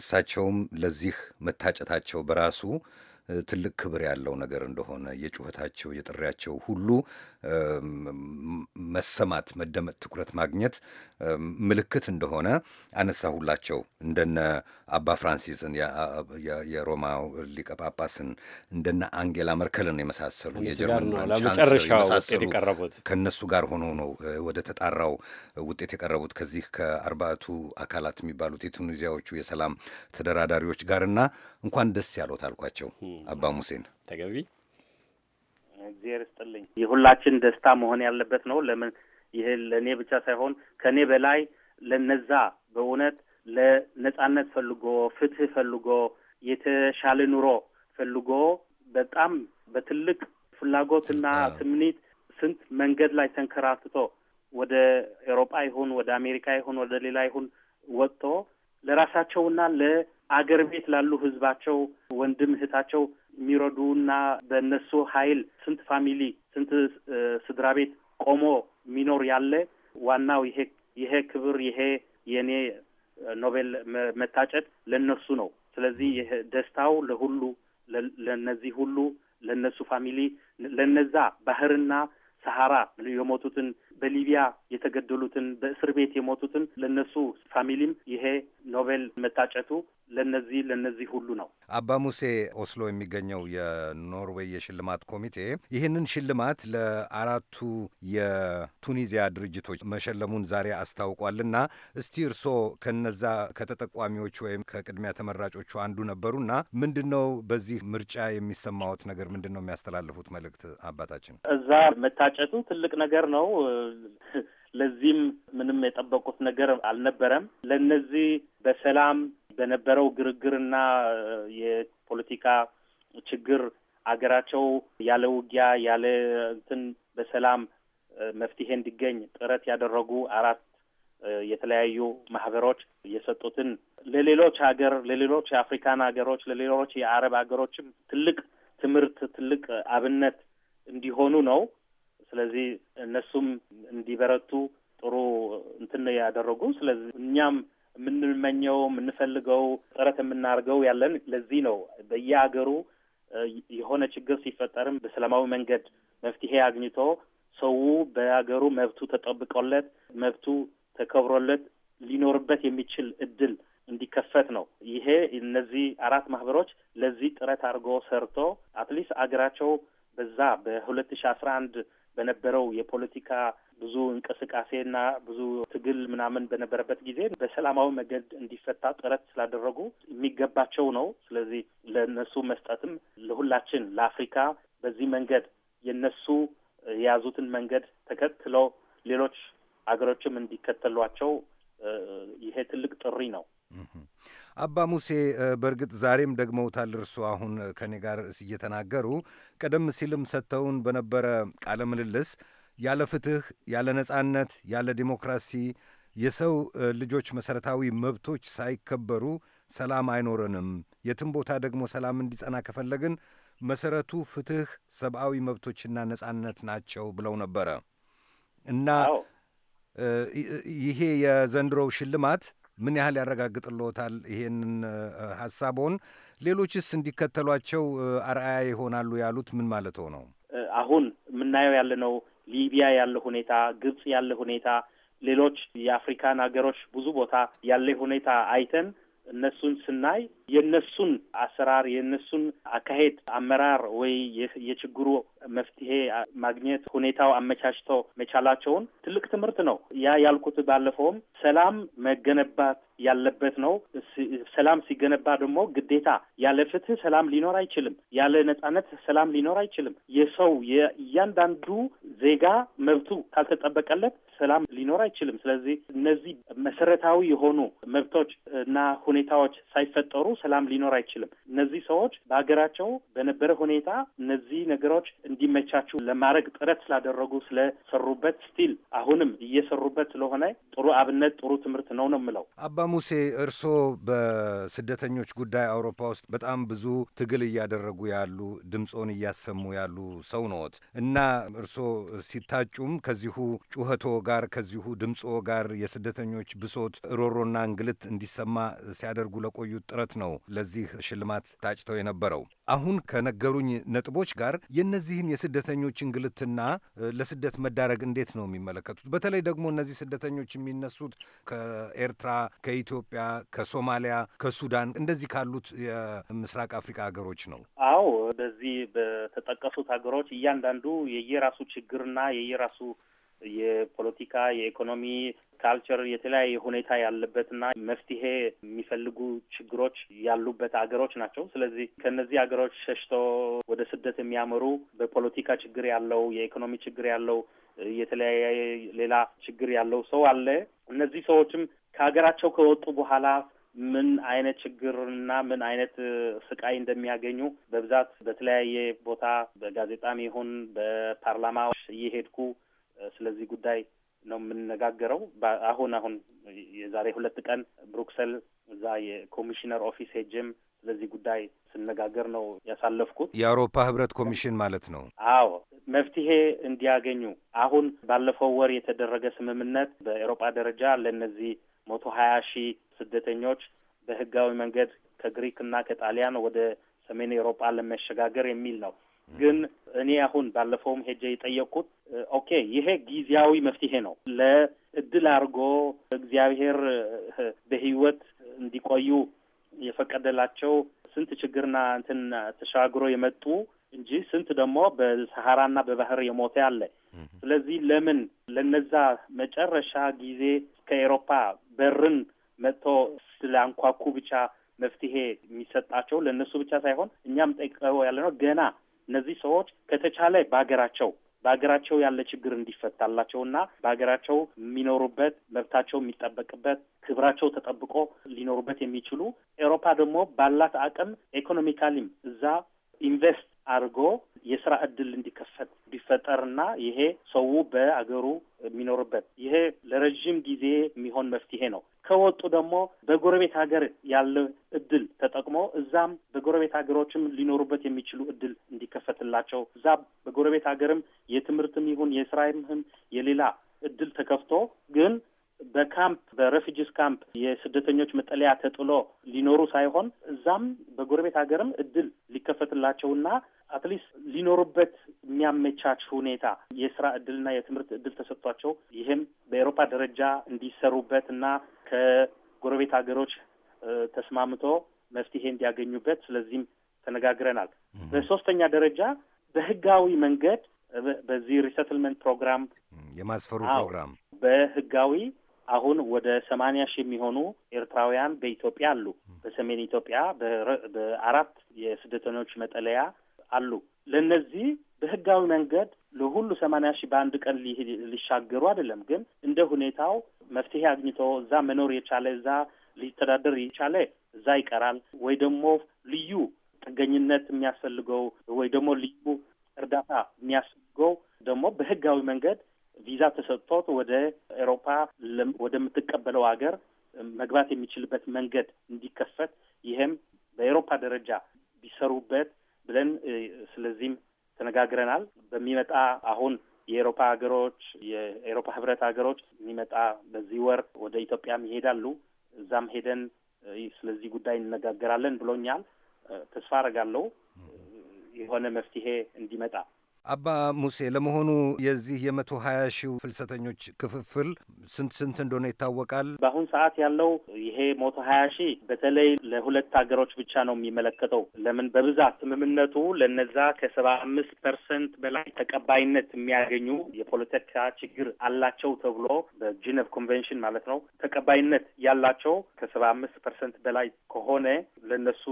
እሳቸውም ለዚህ መታጨታቸው በራሱ ትልቅ ክብር ያለው ነገር እንደሆነ የጩኸታቸው የጥሪያቸው ሁሉ መሰማት፣ መደመጥ፣ ትኩረት ማግኘት ምልክት እንደሆነ አነሳሁላቸው። እንደነ አባ ፍራንሲስን የሮማ ሊቀ ጳጳስን፣ እንደነ አንጌላ መርከልን የመሳሰሉ የጀርመን ከእነሱ ጋር ሆኖ ነው ወደ ተጣራው ውጤት የቀረቡት ከዚህ ከአርባቱ አካላት የሚባሉት የቱኒዚያዎቹ የሰላም ተደራዳሪዎች ጋርና እንኳን ደስ ያሎት አልኳቸው አባ ሙሴን ተገቢ እግዚአብሔር ይስጥልኝ። የሁላችን ደስታ መሆን ያለበት ነው። ለምን ይህ ለእኔ ብቻ ሳይሆን ከእኔ በላይ ለነዛ በእውነት ለነጻነት ፈልጎ ፍትህ ፈልጎ የተሻለ ኑሮ ፈልጎ በጣም በትልቅ ፍላጎትና ትምኒት ስንት መንገድ ላይ ተንከራትቶ ወደ ኤሮጳ ይሁን ወደ አሜሪካ ይሁን ወደ ሌላ ይሁን ወጥቶ ለራሳቸውና ለአገር ቤት ላሉ ህዝባቸው፣ ወንድም እህታቸው የሚረዱና በእነሱ ኃይል ስንት ፋሚሊ ስንት ስድራ ቤት ቆሞ የሚኖር ያለ ዋናው ይሄ ይሄ ክብር ይሄ የእኔ ኖቤል መታጨት ለነሱ ነው። ስለዚህ ደስታው ለሁሉ ለነዚህ ሁሉ ለነሱ ፋሚሊ ለነዛ ባህርና ሰሐራ የሞቱትን በሊቢያ የተገደሉትን በእስር ቤት የሞቱትን ለነሱ ፋሚሊም ይሄ ኖቤል መታጨቱ ለነዚህ ለነዚህ ሁሉ ነው። አባ ሙሴ ኦስሎ የሚገኘው የኖርዌይ የሽልማት ኮሚቴ ይህንን ሽልማት ለአራቱ የቱኒዚያ ድርጅቶች መሸለሙን ዛሬ አስታውቋልና እስቲ እርስዎ ከነዛ ከተጠቋሚዎች ወይም ከቅድሚያ ተመራጮቹ አንዱ ነበሩና ምንድን ነው በዚህ ምርጫ የሚሰማዎት ነገር? ምንድን ነው የሚያስተላልፉት መልእክት? አባታችን እዛ መታጨቱ ትልቅ ነገር ነው። ለዚህም ምንም የጠበቁት ነገር አልነበረም። ለነዚህ በሰላም በነበረው ግርግርና የፖለቲካ ችግር አገራቸው ያለ ውጊያ ያለ እንትን በሰላም መፍትሄ እንዲገኝ ጥረት ያደረጉ አራት የተለያዩ ማህበሮች የሰጡትን ለሌሎች ሀገር ለሌሎች የአፍሪካን ሀገሮች ለሌሎች የአረብ ሀገሮችም ትልቅ ትምህርት ትልቅ አብነት እንዲሆኑ ነው። ስለዚህ እነሱም እንዲበረቱ ጥሩ እንትን ያደረጉ ስለዚህ እኛም የምንመኘው የምንፈልገው ጥረት የምናደርገው ያለን ለዚህ ነው። በየሀገሩ የሆነ ችግር ሲፈጠርም በሰላማዊ መንገድ መፍትሄ አግኝቶ ሰው በሀገሩ መብቱ ተጠብቆለት መብቱ ተከብሮለት ሊኖርበት የሚችል እድል እንዲከፈት ነው። ይሄ እነዚህ አራት ማህበሮች ለዚህ ጥረት አድርጎ ሰርቶ አትሊስት አገራቸው በዛ በሁለት ሺ አስራ አንድ በነበረው የፖለቲካ ብዙ እንቅስቃሴና ብዙ ትግል ምናምን በነበረበት ጊዜ በሰላማዊ መንገድ እንዲፈታ ጥረት ስላደረጉ የሚገባቸው ነው። ስለዚህ ለእነሱ መስጠትም ለሁላችን ለአፍሪካ በዚህ መንገድ የነሱ የያዙትን መንገድ ተከትለው ሌሎች አገሮችም እንዲከተሏቸው ይሄ ትልቅ ጥሪ ነው። አባ ሙሴ በእርግጥ ዛሬም ደግመውታል። እርሱ አሁን ከእኔ ጋር እየተናገሩ ቀደም ሲልም ሰጥተውን በነበረ ቃለ ምልልስ ያለ ፍትህ፣ ያለ ነጻነት፣ ያለ ዲሞክራሲ የሰው ልጆች መሠረታዊ መብቶች ሳይከበሩ ሰላም አይኖረንም። የትም ቦታ ደግሞ ሰላም እንዲጸና ከፈለግን መሠረቱ ፍትህ፣ ሰብአዊ መብቶችና ነጻነት ናቸው ብለው ነበረ እና ይሄ የዘንድሮው ሽልማት ምን ያህል ያረጋግጥልዎታል? ይሄንን ሀሳቦን ሌሎችስ እንዲከተሏቸው አርአያ ይሆናሉ ያሉት ምን ማለት ነው? አሁን የምናየው ያለነው ሊቢያ ያለ ሁኔታ፣ ግብጽ ያለ ሁኔታ፣ ሌሎች የአፍሪካን ሀገሮች ብዙ ቦታ ያለ ሁኔታ አይተን እነሱን ስናይ የእነሱን አሰራር የእነሱን አካሄድ አመራር ወይ የችግሩ መፍትሄ ማግኘት ሁኔታው አመቻችቶ መቻላቸውን ትልቅ ትምህርት ነው። ያ ያልኩት ባለፈውም ሰላም መገነባት ያለበት ነው። ሰላም ሲገነባ ደግሞ ግዴታ ያለ ፍትህ ሰላም ሊኖር አይችልም። ያለ ነጻነት ሰላም ሊኖር አይችልም። የሰው የእያንዳንዱ ዜጋ መብቱ ካልተጠበቀለት ሰላም ሊኖር አይችልም። ስለዚህ እነዚህ መሰረታዊ የሆኑ መብቶች እና ሁኔታዎች ሳይፈጠሩ ሰላም ሊኖር አይችልም። እነዚህ ሰዎች በሀገራቸው በነበረ ሁኔታ እነዚህ ነገሮች እንዲመቻቹ ለማድረግ ጥረት ስላደረጉ ስለሰሩበት ስቲል አሁንም እየሰሩበት ስለሆነ ጥሩ አብነት ጥሩ ትምህርት ነው ነው የምለው። አባ ሙሴ እርስዎ በስደተኞች ጉዳይ አውሮፓ ውስጥ በጣም ብዙ ትግል እያደረጉ ያሉ ድምፆን እያሰሙ ያሉ ሰው ነዎት እና እርስዎ ሲታጩም ከዚሁ ጩኸቶ ጋር ከዚሁ ድምፆ ጋር የስደተኞች ብሶት ሮሮና እንግልት እንዲሰማ ሲያደርጉ ለቆዩት ጥረት ነው ለዚህ ሽልማት ታጭተው የነበረው። አሁን ከነገሩኝ ነጥቦች ጋር የእነዚህን የስደተኞች እንግልትና ለስደት መዳረግ እንዴት ነው የሚመለከቱት? በተለይ ደግሞ እነዚህ ስደተኞች የሚነሱት ከኤርትራ፣ ከኢትዮጵያ፣ ከሶማሊያ፣ ከሱዳን እንደዚህ ካሉት የምስራቅ አፍሪካ ሀገሮች ነው። አዎ በዚህ በተጠቀሱት ሀገሮች እያንዳንዱ የየራሱ ችግርና የየራሱ የፖለቲካ የኢኮኖሚ ካልቸር የተለያየ ሁኔታ ያለበትና መፍትሄ የሚፈልጉ ችግሮች ያሉበት አገሮች ናቸው። ስለዚህ ከነዚህ አገሮች ሸሽቶ ወደ ስደት የሚያመሩ በፖለቲካ ችግር ያለው፣ የኢኮኖሚ ችግር ያለው፣ የተለያየ ሌላ ችግር ያለው ሰው አለ። እነዚህ ሰዎችም ከሀገራቸው ከወጡ በኋላ ምን አይነት ችግርና ምን አይነት ስቃይ እንደሚያገኙ በብዛት በተለያየ ቦታ በጋዜጣም ይሁን በፓርላማ እየሄድኩ ስለዚህ ጉዳይ ነው የምንነጋገረው። አሁን አሁን የዛሬ ሁለት ቀን ብሩክሰል እዛ የኮሚሽነር ኦፊስ ሄጅም ስለዚህ ጉዳይ ስነጋገር ነው ያሳለፍኩት። የአውሮፓ ህብረት ኮሚሽን ማለት ነው። አዎ መፍትሄ እንዲያገኙ አሁን ባለፈው ወር የተደረገ ስምምነት በኤሮጳ ደረጃ ለእነዚህ መቶ ሀያ ሺህ ስደተኞች በህጋዊ መንገድ ከግሪክ እና ከጣሊያን ወደ ሰሜን ኤሮጳ ለመሸጋገር የሚል ነው። ግን እኔ አሁን ባለፈውም ሄጄ የጠየቅኩት ኦኬ ይሄ ጊዜያዊ መፍትሄ ነው ለእድል አድርጎ እግዚአብሔር በህይወት እንዲቆዩ የፈቀደላቸው ስንት ችግርና እንትን ተሻግሮ የመጡ እንጂ ስንት ደግሞ በሰሐራና በባህር የሞተ አለ። ስለዚህ ለምን ለነዛ መጨረሻ ጊዜ ከኤሮፓ በርን መጥቶ ስለ አንኳኩ ብቻ መፍትሄ የሚሰጣቸው ለእነሱ ብቻ ሳይሆን እኛም ጠይቀው ያለ ነው ገና እነዚህ ሰዎች ከተቻለ በሀገራቸው በሀገራቸው ያለ ችግር እንዲፈታላቸውና በሀገራቸው የሚኖሩበት መብታቸው የሚጠበቅበት ክብራቸው ተጠብቆ ሊኖሩበት የሚችሉ ኤሮፓ ደግሞ ባላት አቅም ኢኮኖሚካሊም እዛ ኢንቨስት አድርጎ የስራ እድል እንዲከፈት ቢፈጠርና ይሄ ሰው በአገሩ የሚኖርበት ይሄ ለረዥም ጊዜ የሚሆን መፍትሄ ነው። ከወጡ ደግሞ በጎረቤት ሀገር ያለ እድል ተጠቅሞ እዛም በጎረቤት ሀገሮችም ሊኖሩበት የሚችሉ እድል እንዲከፈትላቸው እዛ በጎረቤት ሀገርም የትምህርትም ይሁን የስራም የሌላ እድል ተከፍቶ ግን በካምፕ በሬፊጂስ ካምፕ የስደተኞች መጠለያ ተጥሎ ሊኖሩ ሳይሆን እዛም በጎረቤት ሀገርም እድል ሊከፈትላቸውና አትሊስት ሊኖሩበት የሚያመቻች ሁኔታ የስራ እድልና የትምህርት እድል ተሰጥቷቸው ይህም በኤሮፓ ደረጃ እንዲሰሩበት እና ከጎረቤት ሀገሮች ተስማምቶ መፍትሄ እንዲያገኙበት ስለዚህም ተነጋግረናል። በሶስተኛ ደረጃ በህጋዊ መንገድ በዚህ ሪሰትልመንት ፕሮግራም የማስፈሩ ፕሮግራም በህጋዊ አሁን ወደ ሰማንያ ሺህ የሚሆኑ ኤርትራውያን በኢትዮጵያ አሉ። በሰሜን ኢትዮጵያ በአራት የስደተኞች መጠለያ አሉ። ለእነዚህ በህጋዊ መንገድ ለሁሉ ሰማንያ ሺህ በአንድ ቀን ሊሻገሩ አይደለም፣ ግን እንደ ሁኔታው መፍትሄ አግኝቶ እዛ መኖር የቻለ እዛ ሊተዳደር የቻለ እዛ ይቀራል ወይ ደግሞ ልዩ ጥገኝነት የሚያስፈልገው ወይ ደግሞ ልዩ እርዳታ የሚያስፈልገው ደግሞ በህጋዊ መንገድ ቪዛ ተሰጥቶት ወደ ኤሮፓ ወደምትቀበለው ሀገር መግባት የሚችልበት መንገድ እንዲከፈት ይህም በኤሮፓ ደረጃ ቢሰሩበት ብለን ስለዚህም ተነጋግረናል። በሚመጣ አሁን የኤሮፓ ሀገሮች የኤሮፓ ህብረት ሀገሮች የሚመጣ በዚህ ወር ወደ ኢትዮጵያም ይሄዳሉ። እዛም ሄደን ስለዚህ ጉዳይ እንነጋገራለን ብሎኛል። ተስፋ አረጋለሁ የሆነ መፍትሄ እንዲመጣ አባ ሙሴ ለመሆኑ የዚህ የመቶ ሀያ ሺው ፍልሰተኞች ክፍፍል ስንት ስንት እንደሆነ ይታወቃል? በአሁን ሰዓት ያለው ይሄ መቶ ሀያ ሺህ በተለይ ለሁለት ሀገሮች ብቻ ነው የሚመለከተው። ለምን በብዛት ስምምነቱ ለነዛ ከሰባ አምስት ፐርሰንት በላይ ተቀባይነት የሚያገኙ የፖለቲካ ችግር አላቸው ተብሎ በጂነቭ ኮንቬንሽን ማለት ነው ተቀባይነት ያላቸው ከሰባ አምስት ፐርሰንት በላይ ከሆነ ለነሱ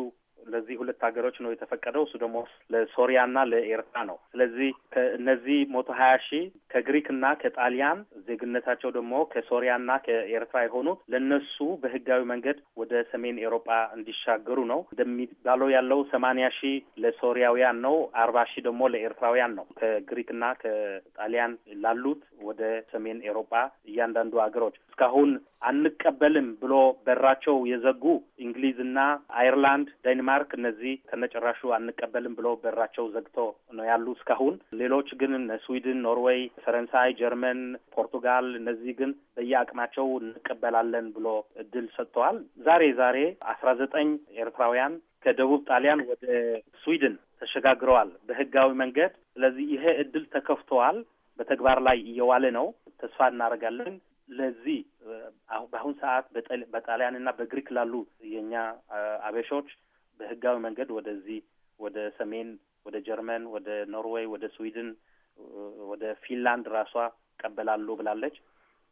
ለዚህ ሁለት ሀገሮች ነው የተፈቀደው። እሱ ደግሞ ለሶሪያና ለኤርትራ ነው። ስለዚህ እነዚህ መቶ ሀያ ሺህ ከግሪክና ከጣሊያን ዜግነታቸው ደግሞ ከሶሪያና ከኤርትራ የሆኑት ለነሱ በህጋዊ መንገድ ወደ ሰሜን ኤሮጳ እንዲሻገሩ ነው። እንደሚባለው ያለው ሰማንያ ሺህ ለሶሪያውያን ነው። አርባ ሺህ ደግሞ ለኤርትራውያን ነው። ከግሪክና ከጣሊያን ላሉት ወደ ሰሜን ኤሮጳ እያንዳንዱ ሀገሮች እስካሁን አንቀበልም ብሎ በራቸው የዘጉ እንግሊዝና አይርላንድ ዴንማርክ ሞናርክ እነዚህ ከነጭራሹ አንቀበልም ብሎ በራቸው ዘግቶ ነው ያሉ እስካሁን። ሌሎች ግን ስዊድን፣ ኖርዌይ፣ ፈረንሳይ፣ ጀርመን፣ ፖርቱጋል እነዚህ ግን በየአቅማቸው እንቀበላለን ብሎ እድል ሰጥተዋል። ዛሬ ዛሬ አስራ ዘጠኝ ኤርትራውያን ከደቡብ ጣሊያን ወደ ስዊድን ተሸጋግረዋል በህጋዊ መንገድ። ስለዚህ ይሄ እድል ተከፍተዋል፣ በተግባር ላይ እየዋለ ነው። ተስፋ እናደርጋለን። ለዚህ በአሁን ሰዓት በጣሊያን እና በግሪክ ላሉ የእኛ አበሾች በህጋዊ መንገድ ወደዚህ ወደ ሰሜን ወደ ጀርመን፣ ወደ ኖርዌይ፣ ወደ ስዊድን፣ ወደ ፊንላንድ ራሷ ቀበላሉ ብላለች።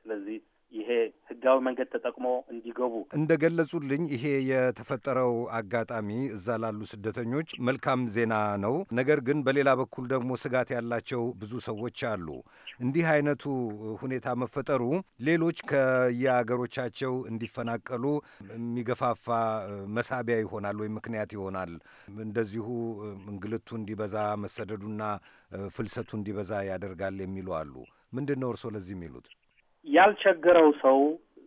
ስለዚህ ይሄ ህጋዊ መንገድ ተጠቅሞ እንዲገቡ እንደ ገለጹልኝ ይሄ የተፈጠረው አጋጣሚ እዛ ላሉ ስደተኞች መልካም ዜና ነው። ነገር ግን በሌላ በኩል ደግሞ ስጋት ያላቸው ብዙ ሰዎች አሉ። እንዲህ አይነቱ ሁኔታ መፈጠሩ ሌሎች ከየአገሮቻቸው እንዲፈናቀሉ የሚገፋፋ መሳቢያ ይሆናል ወይም ምክንያት ይሆናል። እንደዚሁ እንግልቱ እንዲበዛ መሰደዱና ፍልሰቱ እንዲበዛ ያደርጋል የሚሉ አሉ። ምንድን ነው እርስዎ ለዚህ የሚሉት? ያልቸገረው ሰው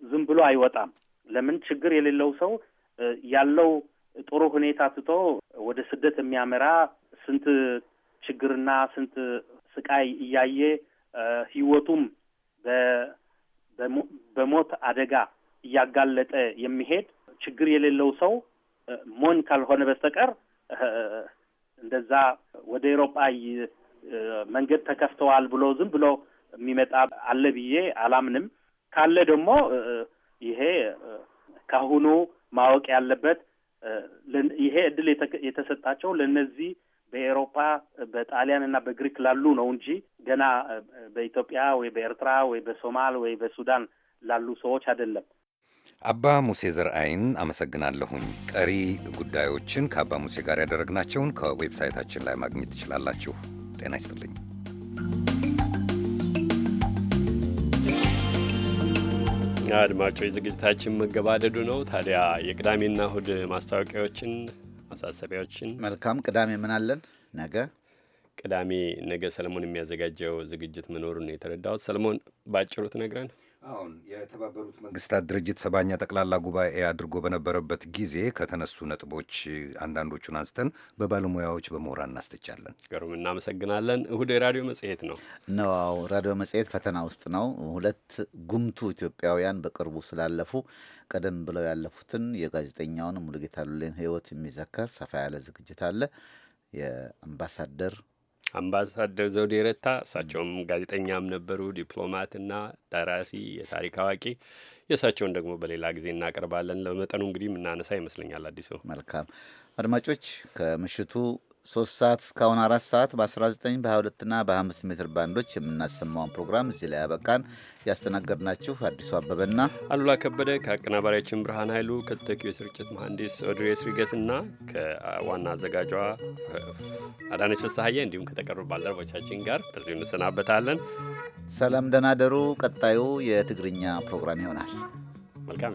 ዝም ብሎ አይወጣም። ለምን ችግር የሌለው ሰው ያለው ጥሩ ሁኔታ ትቶ ወደ ስደት የሚያመራ ስንት ችግርና ስንት ስቃይ እያየ ህይወቱም በሞት አደጋ እያጋለጠ የሚሄድ ችግር የሌለው ሰው ሞን ካልሆነ በስተቀር እንደዛ ወደ ኤሮጳ መንገድ ተከፍተዋል ብሎ ዝም ብሎ የሚመጣ አለ ብዬ አላምንም። ካለ ደግሞ ይሄ ካሁኑ ማወቅ ያለበት ይሄ እድል የተሰጣቸው ለነዚህ በኤሮፓ በጣሊያን እና በግሪክ ላሉ ነው እንጂ ገና በኢትዮጵያ ወይ በኤርትራ ወይ በሶማል ወይ በሱዳን ላሉ ሰዎች አይደለም። አባ ሙሴ ዘርአይን አመሰግናለሁኝ። ቀሪ ጉዳዮችን ከአባ ሙሴ ጋር ያደረግናቸውን ከዌብሳይታችን ላይ ማግኘት ትችላላችሁ። ጤና ይስጥልኝ። አድማጮች ዝግጅታችን መገባደዱ ነው። ታዲያ የቅዳሜና እሁድ ማስታወቂያዎችን፣ ማሳሰቢያዎችን መልካም ቅዳሜ ምናለን ነገ ቅዳሜ ነገ ሰለሞን የሚያዘጋጀው ዝግጅት መኖሩን የተረዳሁት። ሰለሞን ባጭሩ ትነግረን። አሁን የተባበሩት መንግስታት ድርጅት ሰባኛ ጠቅላላ ጉባኤ አድርጎ በነበረበት ጊዜ ከተነሱ ነጥቦች አንዳንዶቹን አንስተን በባለሙያዎች በምሁራን እናስተቻለን። ገሩም እናመሰግናለን። እሁድ የራዲዮ መጽሔት ነው ነው ራዲዮ መጽሔት ፈተና ውስጥ ነው። ሁለት ጉምቱ ኢትዮጵያውያን በቅርቡ ስላለፉ ቀደም ብለው ያለፉትን የጋዜጠኛውን ሙሉጌታ ሉሌን ህይወት የሚዘከር ሰፋ ያለ ዝግጅት አለ። የአምባሳደር አምባሳደር ዘውዴ ረታ እሳቸውም ጋዜጠኛም ነበሩ፣ ዲፕሎማትና ደራሲ፣ የታሪክ አዋቂ። የእሳቸውን ደግሞ በሌላ ጊዜ እናቀርባለን። ለመጠኑ እንግዲህ የምናነሳ ይመስለኛል። አዲሱ መልካም አድማጮች ከምሽቱ ሶስት ሰዓት እስካሁን አራት ሰዓት በ19 22 እና በ25 ሜትር ባንዶች የምናሰማውን ፕሮግራም እዚህ ላይ ያበቃን። ያስተናገድናችሁ አዲሱ አበበና አሉላ ከበደ ከአቀናባሪያችን ብርሃን ኃይሉ ከተኪዮ የስርጭት መሐንዲስ ኦድሬስ ሪገስና ከዋና አዘጋጇ አዳነች ፍስሐዬ እንዲሁም ከተቀሩ ባልደረቦቻችን ጋር በዚሁ እንሰናበታለን። ሰላም ደናደሩ። ቀጣዩ የትግርኛ ፕሮግራም ይሆናል። መልካም